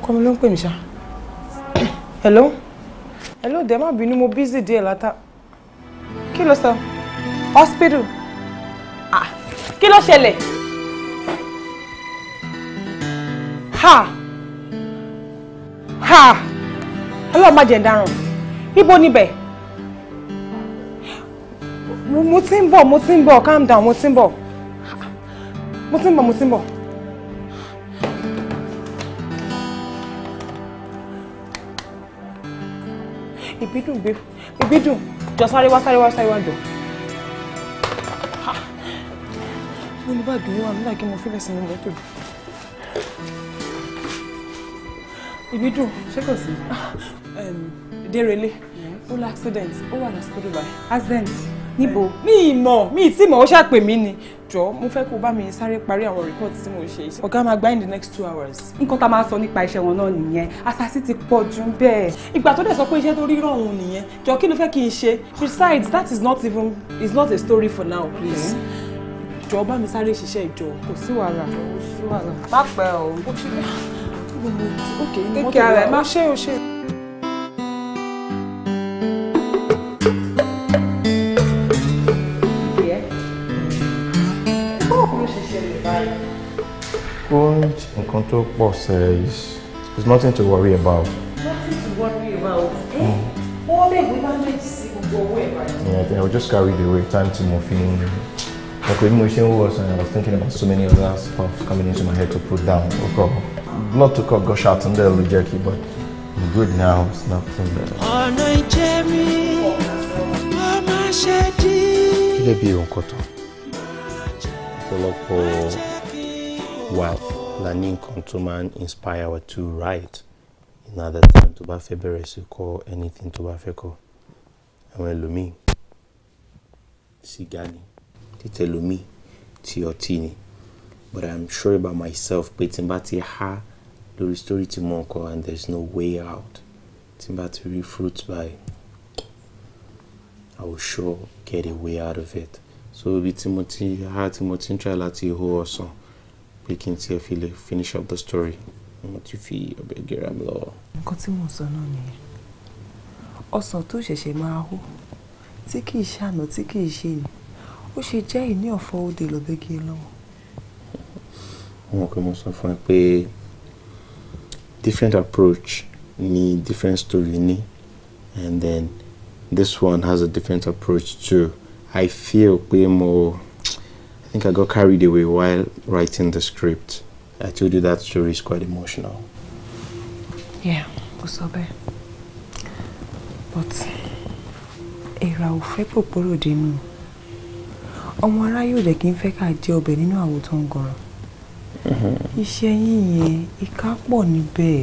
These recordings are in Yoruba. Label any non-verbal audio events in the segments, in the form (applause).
ọkọ mi ló ń pè mí ṣá hello hello dẹ̀ má bínú mo busy díẹ̀ látà kí ló sọ hospital ah kí ló ṣẹlẹ̀ ha ha ọlọ́run má jẹ́ ń dáràn ibo níbẹ̀ mo ti ń bọ̀ mo ti ń bọ̀ calm down mo ti ń bọ̀ mo ti ń bọ̀ mo ti ń bọ̀. ìbídùn ìbídùn jọ sáré wá sáré wá sáré wá jọ. mo ní báàgì yìí wà nígbà kí mo fi lẹ́sìn mi lọ́tò dùn. ìbídùn ṣé kò sí. Ah, dérelé ó lọ accident ó wà ní hospital báyìí. accident níbo. mi ì mọ̀ mi ì tí mọ̀ ó ṣàpè mí ni jọ mo fẹ́ kó bá mi sáré parí àwọn report tí mo ṣe ọ̀gá máa gbá in the next two hours. nǹkan tá a máa sọ nípa iṣẹ́ wọn náà nìyẹn asasi ti pọ̀ jù bẹ́ẹ̀ ìgbà tó dẹ̀ sọ pé iṣẹ́ tó rírọ̀ òun nìyẹn jọ kí ló fẹ́ kí n ṣe besides that is not even is not a story for now please. jọ bá mi sáré ṣiṣẹ́ ìjọ. kò sí wàhálà kò sí wàhálà. má pẹ́ o. ok take care ẹ má ṣe o ṣe. Topo says there's nothing to worry about. Nothing to worry about. Eh? Mm. Oh, babe, we managed to see go away, Yeah, I think I was just carried away. Time to move in. Like when motion was, and I was thinking about so many other stuff coming into my head to put down. Okay. Not to call, gush out and there, Jackie, but I'm good now. It's nothing better. Oh, no, Jerry. Mama said, Kí lè bí ìwọ̀n kọ́tọ̀? Ọ̀pọ̀lọpọ̀ wealth. Learning, ní inspire wa to write in other time tó bá fẹ́ bẹ̀rẹ̀ sí kọ anything tó bá fẹ́ kọ àwọn ẹlòmíì sìgá ni títẹ ẹlòmíì tí ọtí ni but i'm sure about myself pé tí n bá ti há lórí story tí mo ń and there's no way out tí n bá ti rí fruit by i will sure get a way out of it so ibi tí mo ti há tí mo ti try láti hó ọsàn pé kí n tiẹ̀ fi finish up the story What you feel ọbẹ̀ gẹ́ra mi lọ́wọ́. nǹkan tí mo sọ náà nìyẹn ọsàn tó ṣẹ̀ṣẹ̀ máa hó tí kì í ṣàná tí kì í ṣe ni ó ṣe jẹ́ ìní ọ̀fọ̀ òde lọ́bẹ̀ gé e lọ́wọ́. wọn different approach ni different story ni and then this one has a different approach too i feel way More I think I got carried away while writing the script. I told you that story is quite emotional. Yeah, Usobe. But èèrà ò fẹ́ pòpòrò dénú. Ọmọ aráyé ò dẹ̀ kí n fẹ́ ká jẹ ọbẹ̀ nínú àwo tó ń gọ̀rọ̀. Mm-hmm. Iṣẹ́ yín yẹn ìka pọ̀ níbẹ̀.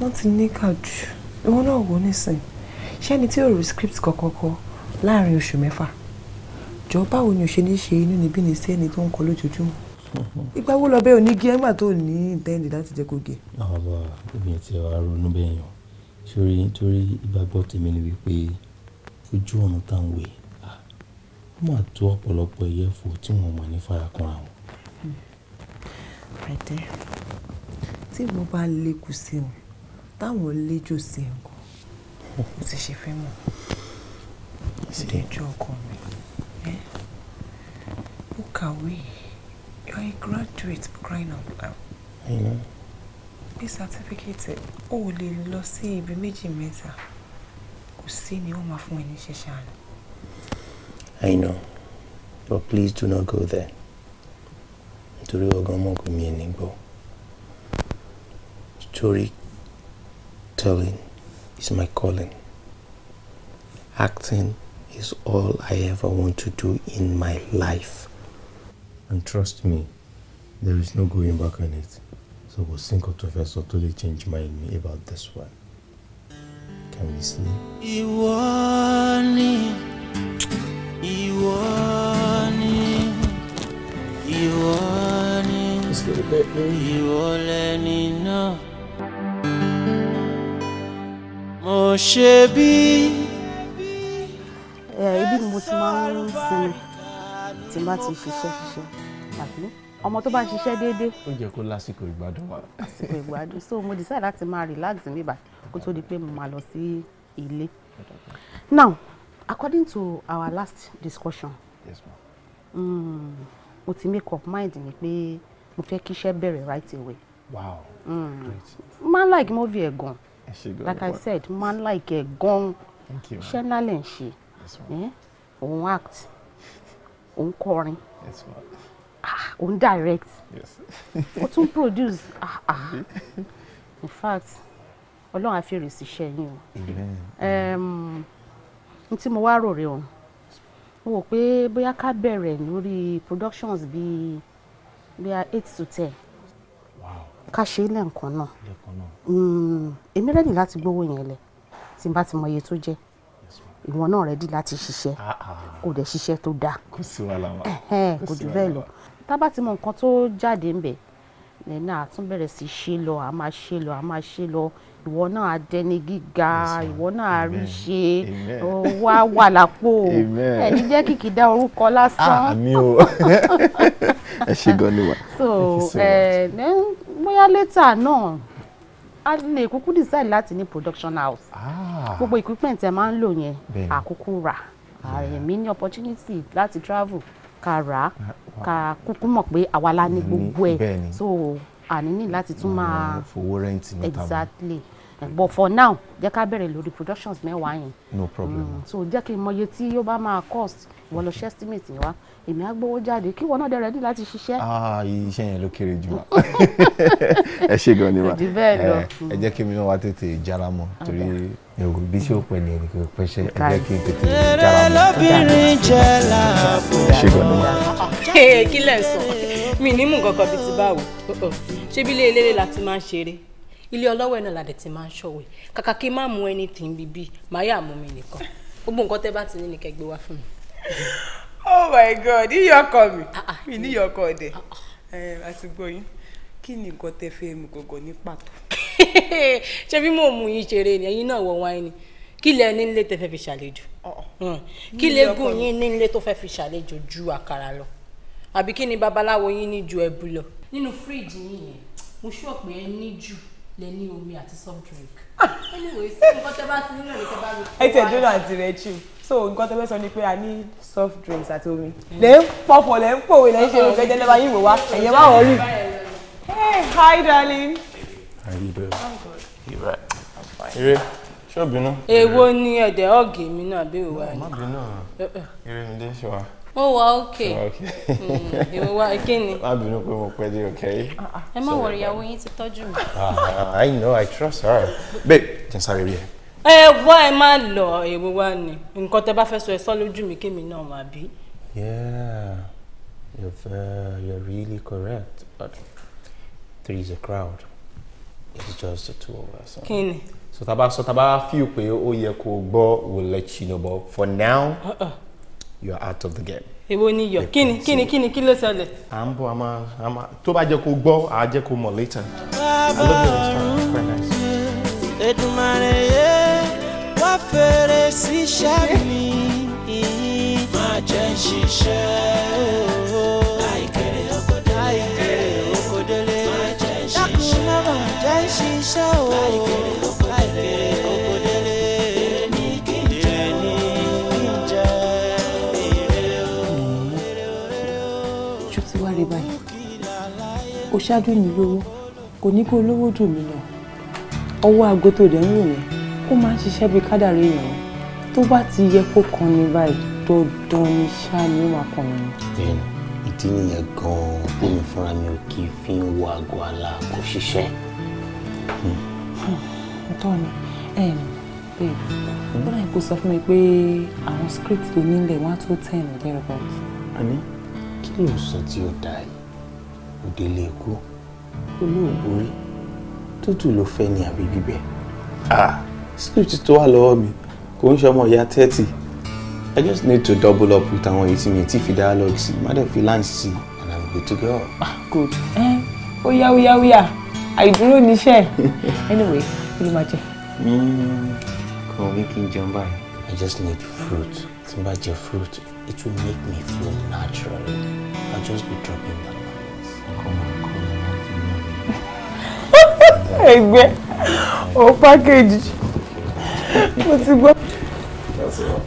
Wọ́n ti ní ká jù. Ìwọ náà wò nísìn. Ṣé ẹni tí ò rí script kọ̀kọ̀kọ̀ láàrin oṣù mẹ́fà? jọ báwo ni o ṣe ní ṣe inú níbí ní sẹ́ni tó ń kọ lójoojúmọ́ ìgbà wo lọ bẹ́ẹ̀ ò ní gé ẹgbà tó ní ìtẹ́ǹdì láti jẹ́ kó gé. Ah, àbá èmi ti wá ronú bẹ́ẹ̀ yàn sórí nítorí ìgbàgbọ́ tèmi ni wípé ojú ọ̀nà táwọn wè á ah, ó máa tó ọ̀pọ̀lọpọ̀ ẹ̀yẹ́fò tí wọ́n mọ̀ ní farakanra wọn. àìdẹ́ tí mo bá lékù sí wọn táwọn léjò sí nǹkan mo ti ṣe fẹ́ mọ̀ ìṣèlú ọkọ mi kàwé you're a graduate for crying out loud. I know. This certificate, ó the lossy, the ibi méjì could see me ni wọ́n máa fún ẹ I know but please do not go there nítorí ọgán mọ̀kù mi ẹ̀ nígbọ́ storytelling is my calling acting is all I ever want to do in my life and trust me there is no going back on it so kò sí nǹkan tó fẹ́ sọ tó change my me about this one can we sleep. ìwọ ni ìwọ ni ìwọ ni ìwọ lẹni náà mo ṣe bí. ibi ni mo ti máa ń sinmi tí n bá ti ṣiṣẹ́ ṣiṣẹ́ àbí ọmọ tó bá ṣiṣẹ́ déédéé. ó jẹ́ kó lásìkò ìgbádùn wa. lásìkò ìgbádùn so mo decide láti máa relax níbà kó tó di pé mo máa lọ sí ilé. now according to our last discussion yes ma mm, mo ti make up mind mi pé mo fẹ́ kí iṣẹ́ bẹ̀rẹ̀ right away. wow mm. great. man like movie ẹ̀ gan like i said man like ẹ̀ gan iṣẹ́ náà lè ń ṣe eh? òun act ò ń kọrin ò ń direct ó tún (laughs) produce ah, ah. in fact ọlọ́run á fi rèsì iṣẹ́ yín o n tí mo wá rò rè o mo wò pé bóyá ká bẹ̀rẹ̀ lórí productions bíi bóyá eight to ten ká ṣe lẹ́ǹkan náà hmm, èmi rẹ́ni láti gbówó yẹn lẹ̀ tí n bá ti mọ iye tó jẹ́ ìwọ náà rẹ́dí láti ṣiṣẹ́ ah, ah. kò dẹ̀ ṣiṣẹ́ tó dáa kò sí wàhálà wa kò jù bẹ́ẹ̀ lọ tá bá ti mọ nǹkan tó jáde ń bẹ̀ nínú àtún bẹ̀rẹ̀ sí ṣe lọ a máa ṣe lọ a máa ṣe lọ ìwọ náà á dẹni gíga ìwọ náà á rí ṣe wá wà lápò ẹni jẹ́ kìkì dá orúkọ lásán. Ah, àmì o ẹ ṣe gan ni wà. so eh, bóyá lẹ́tà náà a lè kúkú decide láti ní production house. Ah. Ah. gbogbo equipment ẹ máa ń lò yẹn àkókò rà ah, èmi ní opportunity láti travel ká rà á ah, ká kúkú mọ̀ pé àwa la ní gbogbo ẹ̀ so àní ní láti tún máa fowó rẹ́ǹtì níta mọ́ exactly but for now jẹ́ ká bẹ̀rẹ̀ lórí productions mẹ́wàá yẹn no problem mm. so jẹ́ kí n mọye tí yóò bá máa cost wọ́n lọ ṣe estimate yẹn wá èmi á gbowó jáde kí wọn náà dẹ̀ ready láti ṣiṣẹ́. iṣẹ́ yẹn ló kéré jù wá (laughs) ẹ ṣe gan ni wa eh, ẹ jẹ́ kí mi náà wá tètè jára mọ́ torí ẹ̀wò bí ṣé ó pẹ́ ní ẹnì kan kí n tètè jára mọ́. lóbìnrin gbọ́dọ̀ wà. kí lẹ̀ sọ mi ní mú bíi ti báwo uh-uh. ṣé bí eléré la ti máa ń ṣeré ilé ọlọ́wọ́ ẹ̀ náà la dẹ̀ ti máa ń ṣọ̀wé kàkà kí n má mú ẹni tì ń bíbí má yà mú mi nìkan gbogbo nǹkan tẹ́ bá ti ní ni kẹ́ wá fún mi. oh my god iyọkọ mi ah, ah. mi ní iyọkọ ọdẹ àti ah, gbọyìn kí ni nǹkan tẹ fẹ́ mu gangan ní pàtó. (laughs) ṣé bí mò ń mú yín ṣeré ni ẹ̀yin náà wọ wáyé ni kí lẹ ní nílé tẹ fẹ́ fi ṣàlejò hmm. kí lẹ́gùn yín ní nílé tó fẹ́ fi ṣàlejò ju àkàrà lọ àbí kí ni babaláwo yín ní ju ẹbu lọ. nínú fíríjì yín yẹn mo ṣọ́ pé ẹ ní jù lẹ ní omi àti soft drink. (laughs) ẹ tẹ̀ dúró àti rẹ̀ chill so nǹkan tó fẹ́ sọ ni pé a ní soft drinks àti omi lẹ́ ń pọ̀pọ̀ lẹ́ ń pòwe lẹ́ ń ṣe oúnjẹ jẹ́ lẹ́wọ̀ ayé ìwò wa ẹ̀yẹ máa rí. Hey, hi, darling. How you doing? I'm good. You right? I'm fine. Ire, ṣé o bínú? Èwo ni ẹ̀dẹ̀ ọ̀gì mi me bí be ni? Má bínú o. Eh, eh. Ire mi dé ṣe wa. Mo wà ókè. Ìwọ wa kí ni? Má bínú pé mo pẹ́ dé òkè yìí. Eh, ẹ má wọ̀rọ̀ ìyàwó yín ti tọ́jú ah, ah, I know, I trust her. Babe, kí n sáré rí ẹ. Ẹ wá ẹ má You èwo wá ni. Nǹkan tẹ bá fẹ́ sọ ẹ sọ lójú mi kémi náà Yeah, you're, uh, you're really correct. But three is a crowd it's just the two of us. kí ni. so taba sọ taba feel pé ó yẹ kó gbọ́ we'll let you know but for now uh -uh. you are out of the game. èwo ni yọ Kini, ni kí ni kí ni kí ló ṣẹlẹ̀. à a máa a máa tó bá jẹ́ kó gbọ́ àá jẹ́ kó mọ̀ later. bàbá ọ̀run Èdùmàrè yé wá fèrè sí iṣẹ́ mi má jẹ́ ṣiṣẹ́ ooo. ṣe o. láìkèrè oko délé èrè ní kí n jẹ o. ṣó ti wá rí báyìí o ṣáájú mi lówó kò ní kó olówó dùn mí lọ ọwọ́ aago tó dẹ̀ ń wò yẹn ó máa ń ṣiṣẹ́ bíi kádàrí èèyàn tó bá ti yẹ kó kan ní báyìí dandan ni ṣáà ni ó máa kàn mí. bẹ́ẹ̀ni ìdí nìyẹn ganan bómi fúnra mi ò kì í fi ń wo aago aláàgọ ṣiṣẹ́. Hmm. ọ̀tọ̀ ni babe hmm? ó dàbí kó sọ fún mi pé àwọn script tó nílẹ̀ wọ́n á tó ten thereabout. àní kí ló ń sọ tí ó dà yìí òde lè kú olóògùn rí tútù ló fẹ́ ní àbí gbígbẹ. ah script tó wà lọ́wọ́ mi kò ń ṣọmọ ìyá thirty i just need to double up with àwọn èyí tí mi ti fi dialogue sí má dẹ̀ fi lines sí and i'm good to go. ah good ó yá ó yá ó yá àìdúró níṣẹ́ anyway kí ló máa jẹ. kò wí kí n jẹun báyìí i just need fruit tí n bá jẹ fruit it will make me feel natural i just be dropping bananas. (laughs) ẹgbẹ́ o package mo ti gbọ́.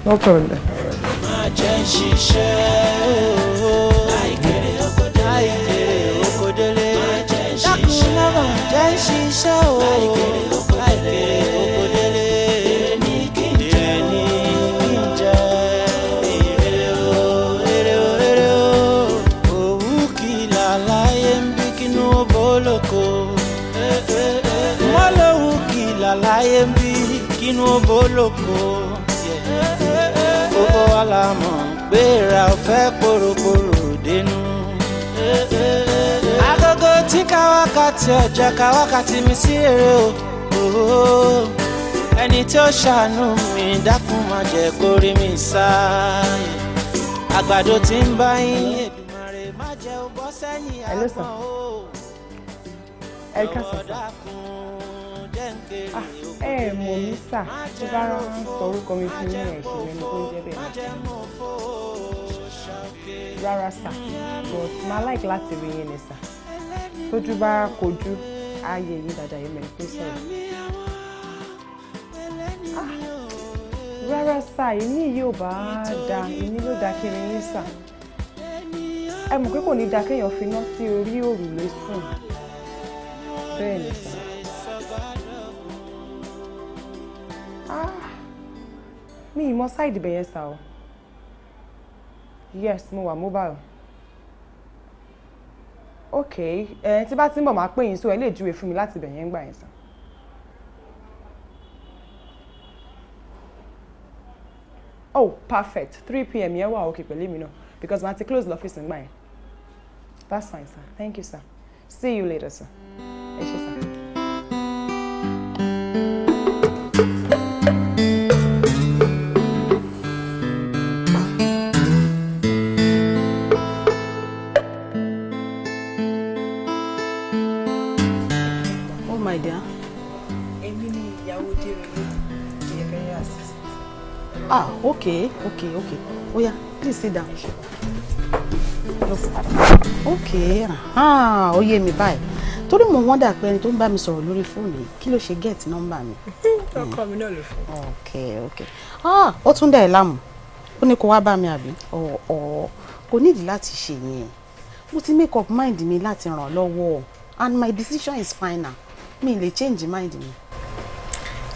no problem. máa jẹ́ ṣiṣẹ́ láìpẹ́. ṣe o láìkéré oko délé ní kí n jẹ ní kí n jẹ èrè o èrè o gbogbo wa la mọ̀ korokoro dénú agogo tí káwáká tí ó jẹ́ ká wákàtí mi sí èrè o oh, ẹni tí ó ṣàánú mi dákun má jẹ́ kó rí mi sáyé àgbàdo tí ń bá yín Èdùmàrè má jẹ́ ó bọ́ sẹ́yìn àgbọn o ọ̀rọ̀ dákun jẹ́ ń ẹ ah, ẹ mọ̀ mí sà tó bá rán án sọ orúkọ mi fún yín ẹ̀kí lẹ́nu tó ń jẹ́ bẹ́ẹ̀ náà rárá sà but máa láìkí láti rí yín ni sà tójú bá kojú ààyè yìí dàda yìí mẹ́rin pé sọ̀rọ̀. Ah, rárá sá ìní yìí ò bá da ìní ló da kiri ní sà ẹ mọ̀ pé kò ní da kéèyàn fi iná sí orí òrùlé sùn bẹ́ẹ̀ ni sà. Ah, mi ì mọ sáìdì bẹ̀yẹn sà o yes mo wà mobile ok ẹ eh, tí bá ti ń bọ̀ máa pè yín so ẹ lè júwe fún mi láti bẹ̀ yẹn ń gbà yẹn sàn. oh perfect three pm yẹn wà ok pẹ̀lú mi náà because màá ti close lọ́fíìsì ń gbà yẹn that's fine sir thank you sir see you later sir. okay okay okay oya please sit down okay ó yé me báyìí torí mo wonder dà pé ẹni tó ń bá mi sọ̀rọ̀ lórí fóònù yìí kí ló get number mi. (laughs) okay okay ah ó tún dà ẹ́ láàmú ó ní kó wá bá mi àbí ọ̀ọ́ kò nídìí láti ṣe yẹn mo ti make up mind mi láti ràn lọ́wọ́ and my decision is final mi lè change mind mi.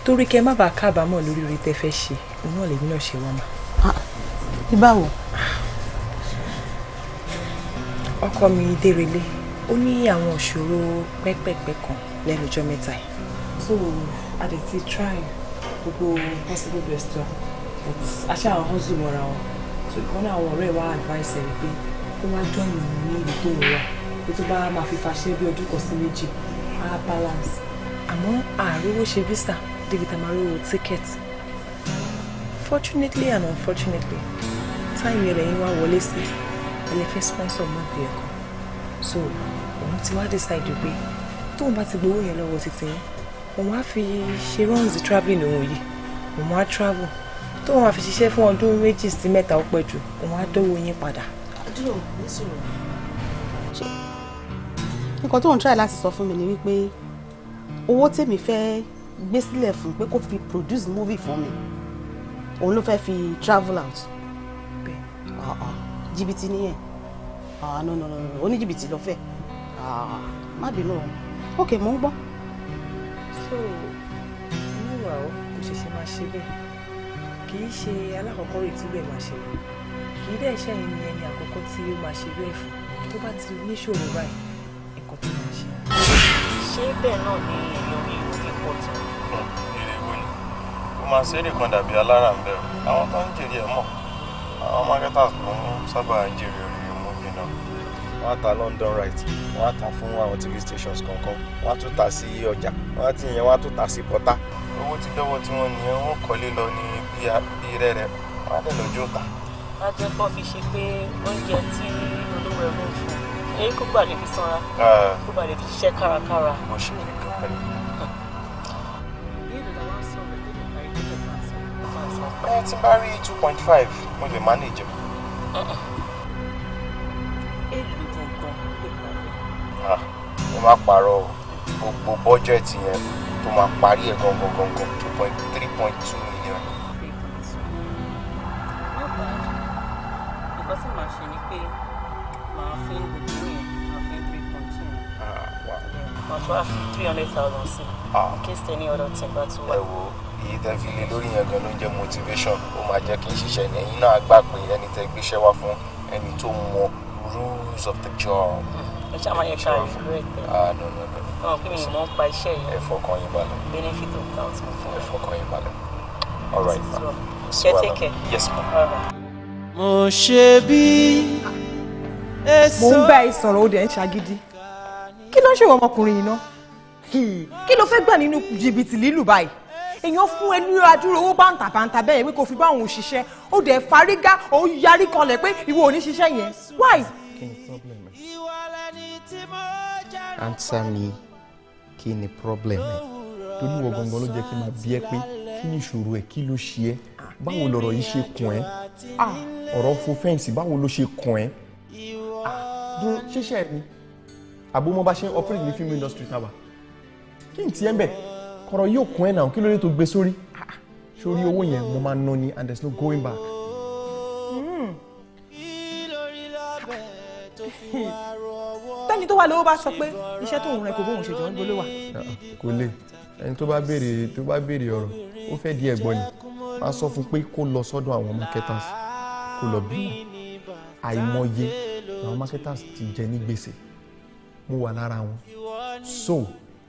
torí kẹ́ má bàa kábàámọ̀ lórí orí tẹ́ fẹ́ ṣe òun náà lèmi náà ṣe wá mà. Ah, ìbáwo. ọkọ mi dérelé ó ní àwọn ìṣòro pẹ́pẹ̀pẹ́ kan lẹ́nu ọjọ́ mẹ́ta yìí. so a dey ti try gbogbo possible best of but aṣá àwọn hustle mọ́ra wọn so ìkan náà àwọn ọ̀rẹ́ wa advice ẹ̀ pé kó wá join mi ní ìlú tó ń wà pé tó bá máa fi fàṣẹ bí ọdún kan sí méjì á balance. àmọ́ àárò ṣe visa débi tá a máa rówó tíkẹ́ẹ̀tì fortunately and unfortunately time rẹ̀ yín wá wọlé sí ẹni fẹ́ sponsor mọ́ bí ẹ̀kọ́ so òun ti wá decide pé tóun bá ti gbowó yẹn lọ́wọ́ títí yín òun á fi ṣe runs travelling òun yìí òun á travel tóun á fi ṣiṣẹ́ fún ọdún méjì sí mẹ́ta ó pẹ́ jù òun á dówó yín padà. àdúrà mi sọ̀rọ̀ nǹkan tó ń try láti sọ fún mi ni wípé owó tèmi fẹ́ gbé sílẹ̀ fún pé kó fi produce movie fún mi. Mm -hmm òun ló fẹ́ẹ́ fi travel out ah, ah. jìbìtì nìyẹn ah, no no no oníjìbìtì ló fẹ́ má bínú o ok mò ń gbọ́. so níwà ó kò ṣẹ̀ṣẹ̀ máa ṣe bẹ́ẹ̀ kì í ṣe alákọ̀ọ́kọ́ rèé tí bẹ́ẹ̀ máa ṣẹlẹ̀ kì í dẹ̀ ṣẹ́yìn ni ẹni àkọ́kọ́ tí ó máa ṣe bẹ́ẹ̀ fún tó bá ti níṣòro báyìí nǹkan tó máa ṣe. ṣé bẹ́ẹ̀ náà ni èèyàn rí ìròyìn pọ̀ tán máa ṣe é nìkan dàbí alára ń bẹ o àwọn tó ń jèrè ẹ̀ mọ̀ àwọn marketers ló ń sábà jèrè orí movie náà. wọ́n á ta London right wọ́n á ta fún àwọn tv stations kọ̀ọ̀kan wọ́n á tún ta sí ọjà wọ́n á ti yẹn wọ́n á tún ta sí pọ́tà. owó ti dọ́wọ́ tí wọ́n nìyẹn wọ́n kọ́lé lọ ní bí rẹ́rẹ́ wọ́n á dẹ̀ lọ́jọ́ ta. wọ́n á jẹ́ pọ́ fi ṣe pé oúnjẹ tí olówó ẹ̀rọ fún èyí kó gbà lè fi sanra ah. kó gbà lè fi ṣiṣẹ́ kárakára. mo ṣe nìkan. ẹ ti bá rí two point five mo lè manage. èlò gangan lè pàrọ̀. mo máa pààrọ̀ gbogbo bọ́jẹ̀tì yẹn tó máa parí ẹ̀ gangan gangan two point three point two million. nǹkan tí màá ṣe ni pé màá fi ń gbogbo yẹn màá fi ń three point two. Ah, màá tún wá three hundred thousand sí i ah. in case any other thing bá tún wà èyí tẹ́ lórí yẹn gan ló ń jẹ́ motivation ó máa jẹ́ kí n ṣiṣẹ́ ní ẹ̀yin náà gbà pé ẹni tẹ́ gbéṣẹ́ wá fún ẹni tó mọ rules of the job. Hmm. ẹ ṣáà máa yẹ ká regret ẹ. ah no no no. ọ̀hún kí mi ìmọ̀ ń pa iṣẹ́ yìí. ẹ fọkàn yín balẹ̀. benefit of doubt mo fún ẹ. fọkàn yín balẹ̀. all right ma. ṣe take care. yes ma. mo ṣe bí mo ń bá ẹ sọ̀rọ̀ ó dẹ̀ ń ṣagídí kí ló ń ṣèwọ ọmọkùnrin yìí ná kí ló fẹ́ gbà nínú jìbìtì lílù báyìí èèyàn fún ẹ ní adúrò owó bàǹtàbàǹtà bẹ́ẹ̀ wí kò fi bá òun ó dẹ̀ fárígá òun yarí kanlẹ̀ pé ìwọ ò ní ṣiṣẹ́ yẹn why. ansa mi kí ni problem ẹ torí wọ gbọngàn ló jẹ kí n máa bí ẹ pé kí ni ìṣòro ẹ kí ló ṣe ẹ báwo lọ̀rọ̀ yìí ṣe kàn ẹ ah. ọ̀rọ̀ fo fẹǹsì báwo ló ṣe kàn ah. ẹ dún ṣíṣẹ mi àbúmọ bá ṣe ń ní film industry táwa kí n tiẹ̀ ń kọ̀rọ̀ yóò kún ẹ̀ náà kí ló dé tó gbé sórí sórí owó yẹn mo máa ná ni and there is no going back. Hmm. (laughs) tẹ́ni tó wà lówó bá sọ pé iṣẹ́ tó ń rẹ kò bóun ṣe ń gbólé wà. Uh-uh, kò lè ẹni tó bá béèrè tó bá béèrè ọ̀rọ̀ ó fẹ́ di ẹ̀gbọ́n ni máa sọ fún pé kó lọ sọ́dọ̀ àwọn marketers kó lọ bí àìmọye àwọn marketers ti jẹ ní gbèsè mo wà lára wọn so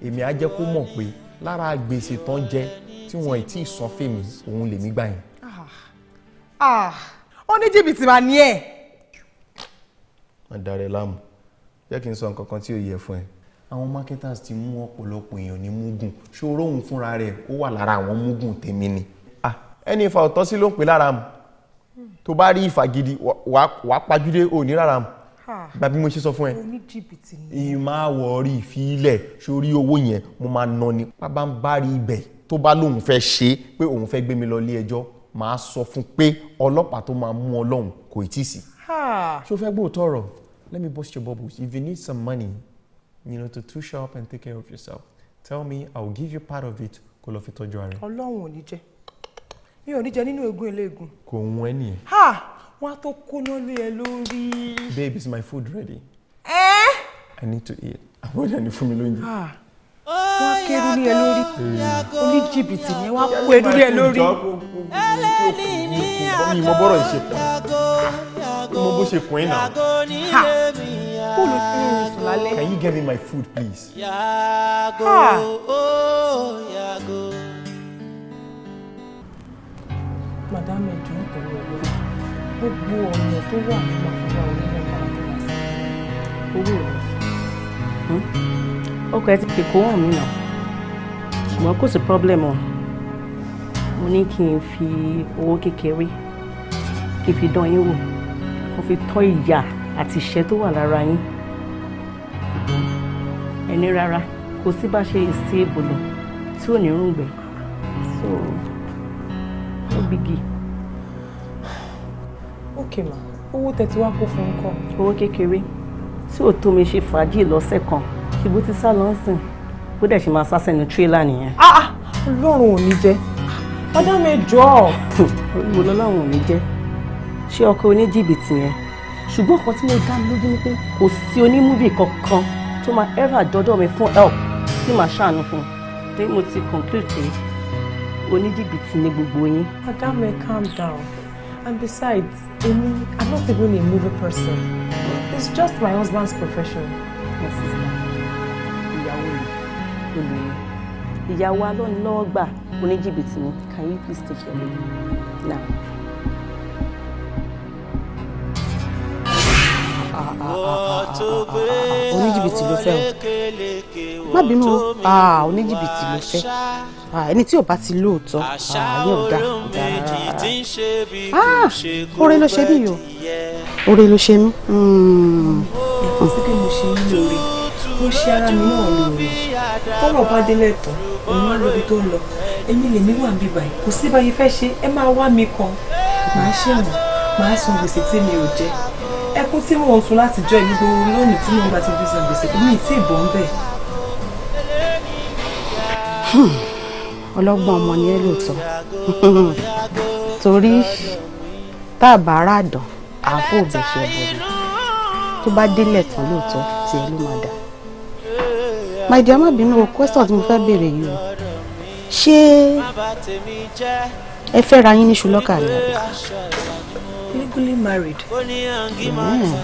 èmi á jẹ́ kó mọ̀ pé lára gbèsè tó ń jẹ tí wọn ì tí ì sọ fèmí òun lèmi gbà yẹn. Ah, ah, ó ní jìbìtì mà ní ẹ. má darẹ̀ láàmú jẹ́ kí n sọ nǹkan kan tí ò yẹ fún ẹ àwọn marketers ti mú ọ̀pọ̀lọpọ̀ èèyàn ní mugun ṣòro òun fúnra rẹ̀ ó wà lára àwọn mugun tèmi ni. Ah, ẹni ìfà ọ̀tọ́sí ló ń pè lára mu tó bá rí ìfà gidi wàá pajúdé òní lára mu Ah. bàbí mo ṣe sọ fún ẹ ìyẹn máa wọrí ìfilẹ̀ sórí owó yẹn mo máa ná ni bàbá ń tó bá lóun fẹ́ ṣe pé òun fẹ́ gbé mi lọ ilé ẹjọ́ màá sọ fún pé ọlọ́pàá tó máa mú ọlọ́run kò tí ì sí. Ah. ṣó fẹ́ gbóòótọ́ ọ̀rọ̀ let me burst your bubbles if you need some money you know to too sharp and take care of yourself tell me i will give you part of it kó lọ fi tọ́jú ara rẹ. ọlọ́run ò ní jẹ́ mi ò ní jẹ nínú egun eléegun. kò ń wẹ́n nìyẹn wọ́n á tó kóná lé ẹ lórí. babe is my food ready. Eh? i need to eat àwọn ọjà ní fún mi lóúnjẹ. Ah. wọ́n á kẹ́rù lé ẹ lórí oní jìbìtì ni wọ́n á kó ẹrú lé ẹ lórí. ẹlẹ́ni ní àgọ́ yàgò yàgò mo bó ṣe kún ẹ̀ náà. ha kó ló can you get me my food please. yàgò yàgò. gbogbo ọ̀nà tó wà fún àfihàn onílẹ̀ pàápàá sí owó rẹ̀. Hmm? ọkọ̀ ẹ ti pè kó hàn mí nà ṣùgbọ́n kò sí problem o mo ní kí n fi owó kékeré kí n fi dán yín wò kó fi tọ́ ìyà àti ìṣẹ́ tó wà lára yín ẹni rárá kò sí bá ṣe sí èbòlò tí ò ní rúgbẹ́ so ó bigi ókè mà owó tẹ̀tí wá kó fún un kọ́. owó kékeré tí ò tó mi ṣe fàájì lọ́sẹ̀ kan ṣùgbọ́n ti sá lọ́sìn bó dẹ̀ ṣe máa sá sẹ́nu tírélà nìyẹn. Ah, ah, ọlọ́run ò ní jẹ́ ọdún mẹ́jọ. olúwo lọ́lọ́run ò ní jẹ́ ṣé ọkọ oníjìbìtì yẹn ṣùgbọ́n kan tí mo dá lójú ni pé kò sí onímúbì kankan tó máa ever dọ́dọ̀ mi fún help tí màá ṣàánú fún un pé mo ti conclude pé oníjìbìtì ni gbogbo yín. madam calm down and besides I'm not even a movie person. It's just my husband's profession. My sister, ìyàwó mi, olè mi. Ìyàwó alọ́ni lọ́wọ́ gbà oníjìbìtì ni. Can you please take your leave now? oníjìbìtì ló fẹ́ o má bínú oníjìbìtì ló fẹ́ ẹni tí ò bá ti lóòótọ́ ààyè ọ̀dà ọ̀dà rárá oore ló ṣe mí o oore ló ṣe mí. ẹ̀kọ́ sí pé mo ṣe ń lóore mo ṣe ara mi náà lóore tọ́rọ̀ bá délẹ̀ tán òun á lóbi tó lọ èmi lèmi wà níbí báyìí kò sí báyìí fẹ́ ṣe ẹ máa wá mi kan màá ṣẹ̀wọ̀n màá san gbèsè tí mi ò jẹ ẹkún tí mò ń sun látijọ́ ìgboro lónìí tí mo gbà ti fi san mi ì tí ì bọ́ ń bẹ̀. Hmm. ọlọ́gbọ́n ọmọ ni ẹ lóòótọ́ (laughs) torí tá a bá ara dàn àáfò òbẹ̀ṣẹ̀ bọ̀dọ̀ tó bá délẹ̀ tán lóòótọ́ tí ẹ ló máa dà. my dear má bínú o question tí mo fẹ́ béèrè yìí o ṣé ẹ fẹ́ ra yín ní ṣùlọ́kà ni. legally married. Hmm.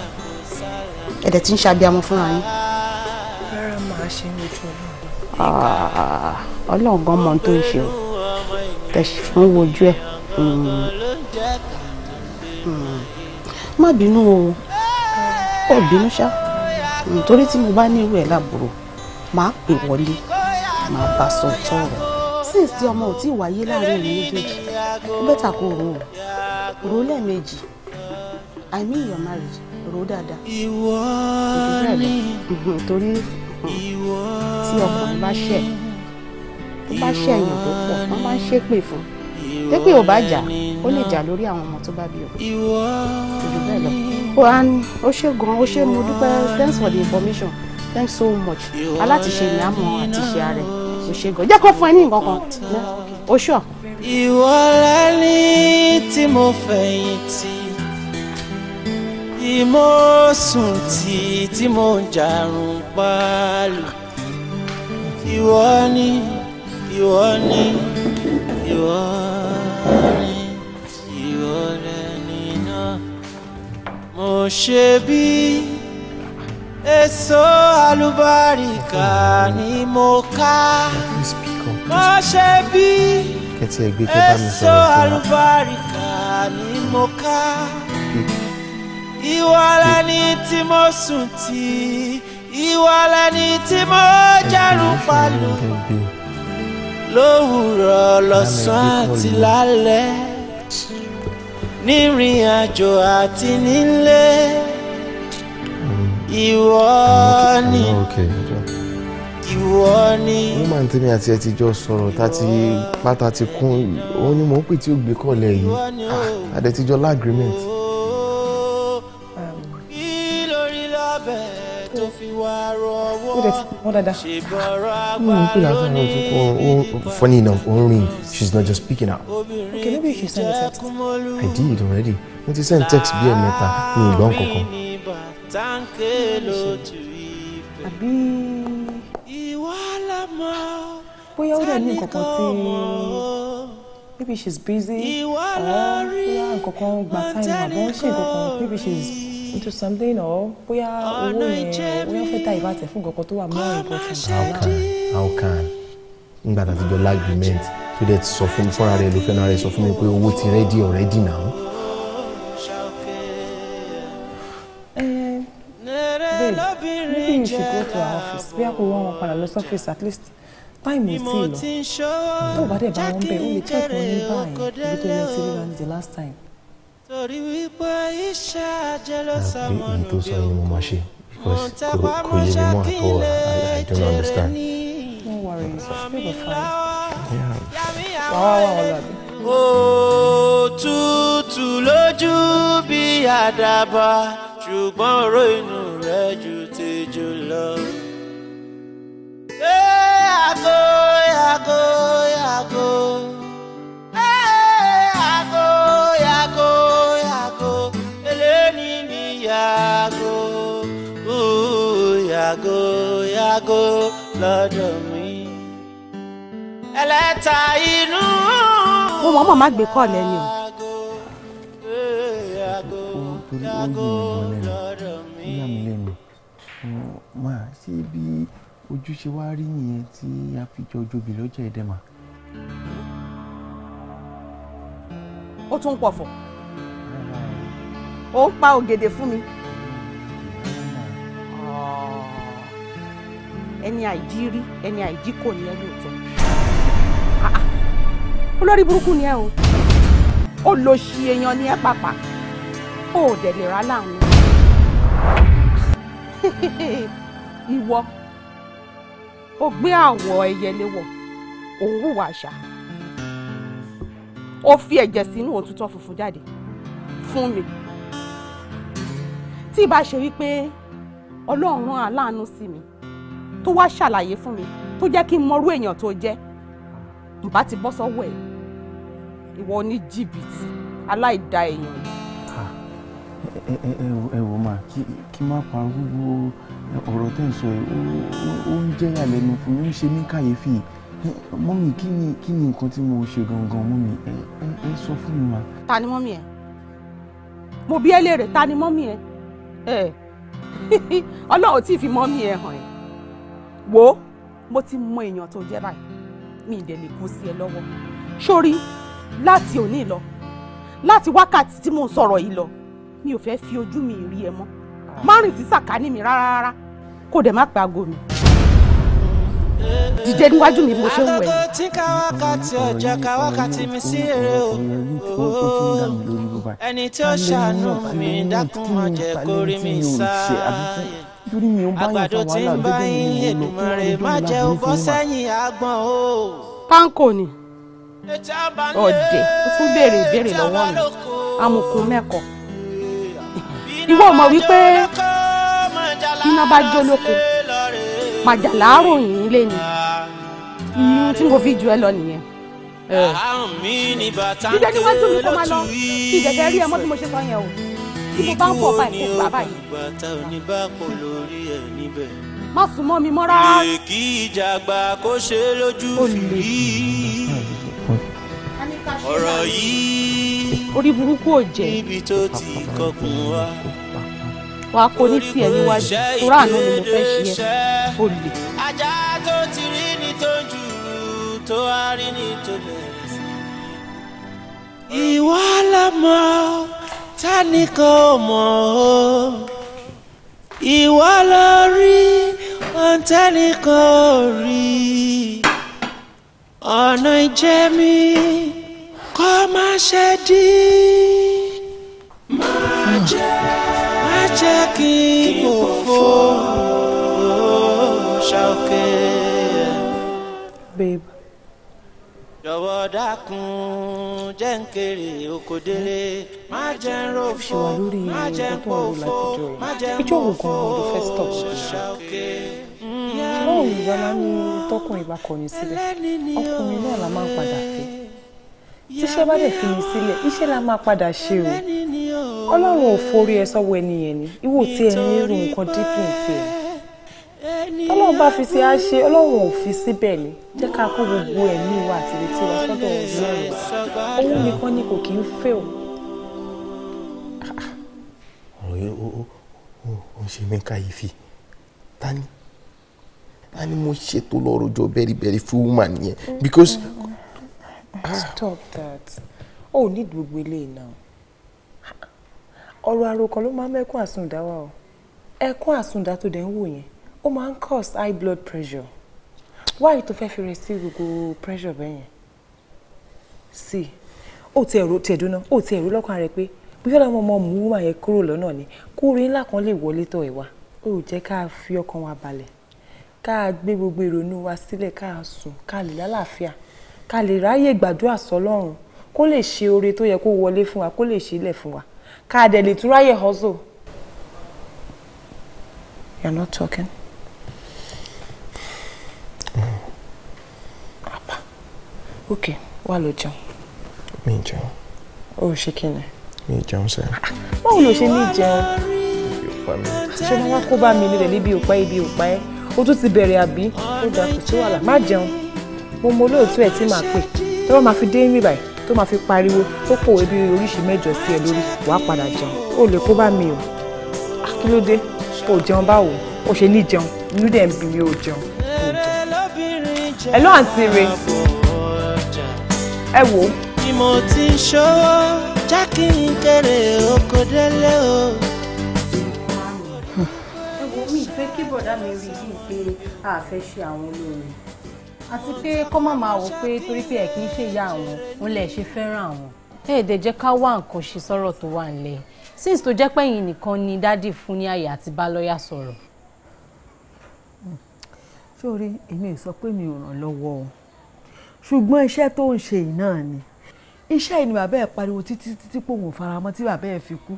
ẹ̀dẹ̀ tí ń ṣe abiyamọ fúnra yín. rárá màá ṣe ń lójú ọ̀la. Ah, ọlọ́run gan mọ tó ń ṣe o tẹ̀sí fún wojú ẹ̀ hmm. hmm. má bínú o ò bínú ṣá nítorí hmm, tí mo bá ní irú ẹ̀ láàbùrò máa pè wọlé máa bá sọ tọrọ since tí ọmọ ò tí ì wáyé láàrin ìlú méjèèjì ó bẹ́tà kó rò ó rò ó lẹ́ẹ̀mejì i mean your marriage rò ó dáadáa ìwọ ni (laughs) torí tí ọkùnrin bá ṣẹ̀ tó bá ṣẹ̀ èèyàn tó pọ̀ wọ́n máa ń ṣépè fún pépè ò bá jà ó lè jà lórí àwọn ọmọ tó bá bí o jù bẹ́ẹ̀ lọ ó ó ṣe gan ó ṣe mo dúpẹ́ thanks for the information thanks so much alátiṣe ni a mọ àtiṣe ara ẹ̀ ó ṣe gan jẹ́ kó fún ẹ ní nǹkan kan ó ṣọ̀. ìwọ lẹ́ni tí mo fẹ̀yìntì tí mo sùn tí tí mo ń jarun pálù ìwọ ni ìwọ ni ìwọ ni ìwọ lẹni náà mo ṣe bí èso àlùbáríkà ni mo ká mo ṣe bí èso àlùbáríkà ni mo ká ìwọ lẹni tí mo sùn tì ìwọ lẹni tí mo jẹrùn pàlù lówùrọ̀ lọ́sàn àti lálẹ́ nírìn àjò àti nílé ìwọ ni ìwọ ni. wọ́n máa ń tẹ́mi àti ẹ ti jọ sọ̀rọ̀ tàti pátá ti kún ó ní mò ń pè tí ó gbé kọ́lẹ̀ yìí àdẹ ah, lágrímẹ̀tì. Hmm, funny enough, only she's not just picking up. Okay, maybe she sent a text. I did already. Mo ti sent text bí ẹ̀mẹ́ta ní ìgbọ́n kankan. Àbí bóyá ó maybe she's busy or maybe she's into something or bóyá owó yẹn bóyá fẹ́ ta fún kankan tó wà more important àwọn. how can ngbà tá a ti jọ lágbèmẹ́ǹt tó dẹ̀ ti sọ fún mi fúnra rẹ̀ ló fẹ́ náà rẹ̀ sọ fún mi pé owó ti rẹ́dí ọ̀rẹ́dì náà. babe maybe you should go to our office bí a kò wọ́n wọn padà lọ sí office at least time will tí ì lọ tó o bá dẹ̀ only wọn bẹ̀ o lè kẹ́kọ̀ọ́ the last time torí wípé iṣẹ́ ajé ló sàmọ́nù bí òkú mo tẹpá mọ́ṣẹ́ kí n lè jèrè ní òtútù lójú bí àdàbà ṣùgbọ́n ọ̀rọ̀ inú rẹ̀ ju tẹ́jú lọ. ẹ yàgò yàgò yàgò. yàgò yàgò lọ́dọ̀ mi. ẹlẹ́ta inú. mo mọ̀ mọ̀ má gbé kọ́ lẹ́yìn o. torí ó yé mi lọ́rẹ̀ mi ó yà mí lẹ́nu máa ṣe bí ojú ṣe wá rí nìyẹn tí a fi jọ ojú obìnrin lọ́jọ́ ẹ̀dẹ́mà. ó tún ń pọ̀fọ̀ ó ń pa ògèdè fún mi ẹni àìjírí ẹni àìjíkò ni ẹ lóòótọ́ olórí burúkú ni ẹ o ó lo ṣi èèyàn ní ẹ pàpà ó dẹ̀ lè rà láàánú (laughs) ìwọ ó gbé àwọ̀ ẹyẹlé wọ̀ òun hùwà àṣà ó fi ẹ̀jẹ̀ sínú òtútọ́ funfun jáde fún mi tí ìbá ṣe wípé ọlọ́run rán aláàánú sí mi tó wá ṣàlàyé fún mi tó jẹ́ kí n mọrú èèyàn tó jẹ́ ìbá ti bọ́ sọ́wọ́ ẹ̀ ìwọ ní jìbìtì aláìda èèyàn yìí. ẹ wò máa kí má pa gbogbo ọ̀rọ̀ tẹ́ ń sọ ẹ̀ ó ń jẹ́ ìyàlẹ́nu fún mi ó ń ṣe mí kàyéfì mọ́mì kí ni kí ni nǹkan tí mo ṣe gangan mọ́mì ẹ sọ fún mi ma. ta ni mọ́mì ẹ mo bi ẹ́ léèrè ta ni mọ́mì ẹ. (laughs) ọlọ́run tí fi mọ́ mi ẹ̀ hàn ẹ́ wo mo ti mọ èèyàn tó jẹ́ báyìí mi ìdẹ̀ lè kú sí ẹ lọ́wọ́ sórí láti òní lọ láti wákàtí tí mò ń sọ̀rọ̀ yìí lọ mi ò fẹ́ fi ojú mi rí ẹ mọ́ má rìn sí sàkání mi rárá kó dẹ̀ má pa aago mi dìde níwájú mi mo ṣe ń wẹ̀. àlọ́ tí káwákàtí ọjà káwákàtí mi ẹni tí ó ṣàánú mi dákun má jẹ́ rí mi sá àgbàdo tí ń bá yín Èdùmàrè má jẹ́ ó bọ́ sẹ́yìn àgbọ̀n o. pánkò ni ọ̀dẹ̀ ó tún béèrè ìbéèrè lọ́wọ́ mi amukun mẹ́kọ̀ọ́ ìwọ mọ̀ wípé iná bá jó lóko àpàjà láàárọ̀ yìí lé ni tí mo fi ju ẹ lọ nìyẹn. jíjẹ ní wájú mi kó máa lọ kí gẹ̀gẹ́ rí ẹ tí mo ṣe sọ yẹn o tí mo bá ń pọ̀ báyìí kó gbà báyìí. má sùn mọ́ mi mọ́ rárá. kí ìjàgbá kó ṣe lójú fìrí ọ̀rọ̀ yìí orí burúkú ò jẹ́. níbi tó ti kọkùn wá wà á kó ní sí ẹ níwájú torá ni mo fẹ́ ṣe ẹ o lè. ajá tó ti rí ni tó jù tó a rí ni tó bẹ̀rẹ̀ sí. ìwọ la mọ̀ tani kò mọ̀ o ìwọ ló rí ohun tani kò rí ọ̀nà ìjẹ́mi kọ́ máa ṣe dí máa jẹ́ jẹ́ kí n kò fò ṣàkè. babe. jọ̀wọ́ dákun jẹ́ ń kéré oko délé má jẹ́ ń ròfò má jẹ́ ń pòfò má jẹ́ ń pòfò ṣàkè. báwo ìgbà máa ń tọkùn ìbákọ̀ọ́ni sílẹ̀ ọkùnrin náà la máa ń padà fẹ́ tíṣẹ́ bá dẹ̀ fi mí sílẹ̀ iṣẹ́ la máa padà ṣe o ọlọ́run ò forí ẹ sọ́wọ́ ẹni yẹn ni ìwò tí ẹ ní irú nǹkan dídùn tiẹ̀ ọlọ́run bá fi ṣe á ṣe ọlọ́run ò fi síbẹ̀ ni jẹ́ ká kó gbogbo ẹ̀mí wa àti ìrètí wa sọ́dọ̀ ọlọ́run owó nìkan ni kò kì í fẹ́ o. ọ̀rọ̀ yẹn ó ó ṣe mí káyìífì tani tani mo ṣètò lọ́rọ̀ jọ bẹ́rìbẹ́rì fún woman yẹn because stop that o ò need gbogbo eléyìí náà ọ̀rọ̀ àròkàn ló máa ń mẹ́kún àsundà wa o ẹkún àsundà tó dẹ̀ ń wò yẹn ó máa ń cause high blood pressure why tó fẹ́ fi rẹ̀ sí gbogbo pressure bẹ́ẹ̀ yẹn sí ó ti ẹ̀rọ ti ẹ̀dùn náà ó ti ẹ̀rọ lọ́kàn rẹ̀ pé bóyá ọmọ ọmọ mú wà yẹn kúrò lọ́nà ni kúrò ńlá kan lè wọlé tọ̀ ẹ̀ wá ó jẹ́ ká fi ọkàn wa balẹ̀ ká gbé gbogbo ìrònú wa sílẹ̀ ká sùn ká lè lálàáfíà ká lè ráyè gbàdúrà sọ́lọ́run kó lè ṣe oore tó yẹ kó wọlé fún wa kó lè ṣe ilẹ̀ fún wa ká dẹ̀ lè tún ráyè hustle. You're not talking. Apa. Ok, wá lọ jẹun. Mi jẹun. O ṣe kí ni? Mi jẹun sẹ́yìn. Báwo ló ṣe ní jẹun? Ṣé máa wá kó bá mi nílẹ̀ níbi òpá ibi òpá ẹ́? O tún ti bẹ̀rẹ̀ àbí? Ó dà kò wàhálà. Má jẹun mo mọ olóòtú ẹ̀ tí màá pè tó bá máa fi dé níbí tó máa fi pariwo tó pòwe bí oríṣi mẹ́jọ sí ẹ lórí wàá padà jẹun ó lè kó bá mi o àkílódé ó jẹun báwo ó ṣe ní jẹun inú dẹ̀ ń bí mi ó jẹun hello àǹtí rẹ ẹ wò. bí ẹ wo mi ìfẹ́ kí bọ̀dá mi rí i pé a fẹ́ ṣe àwọn olórin àti pé kọ́ má máa wò pé torí pé ẹ̀ kì í ṣe ìyá àwọn òun lẹ̀ ṣe fẹ́ràn àwọn ẹ̀ dẹ̀ jẹ́ ká wá nǹkan ṣe sọ́rọ̀ tó wà nílẹ̀ since tó jẹ́ pẹ́yìn nìkan ni dádì fún ní àyè àti bá lọ́ọ̀yà sọ̀rọ̀. sórí èmi ò sọ pé mi ò ràn lọ́wọ́ o ṣùgbọ́n iṣẹ́ tó ń ṣe yìí náà ni iṣẹ́ yìí pariwo títí títí pòun ò faramọ́ tí bàbá ẹ̀ fi kú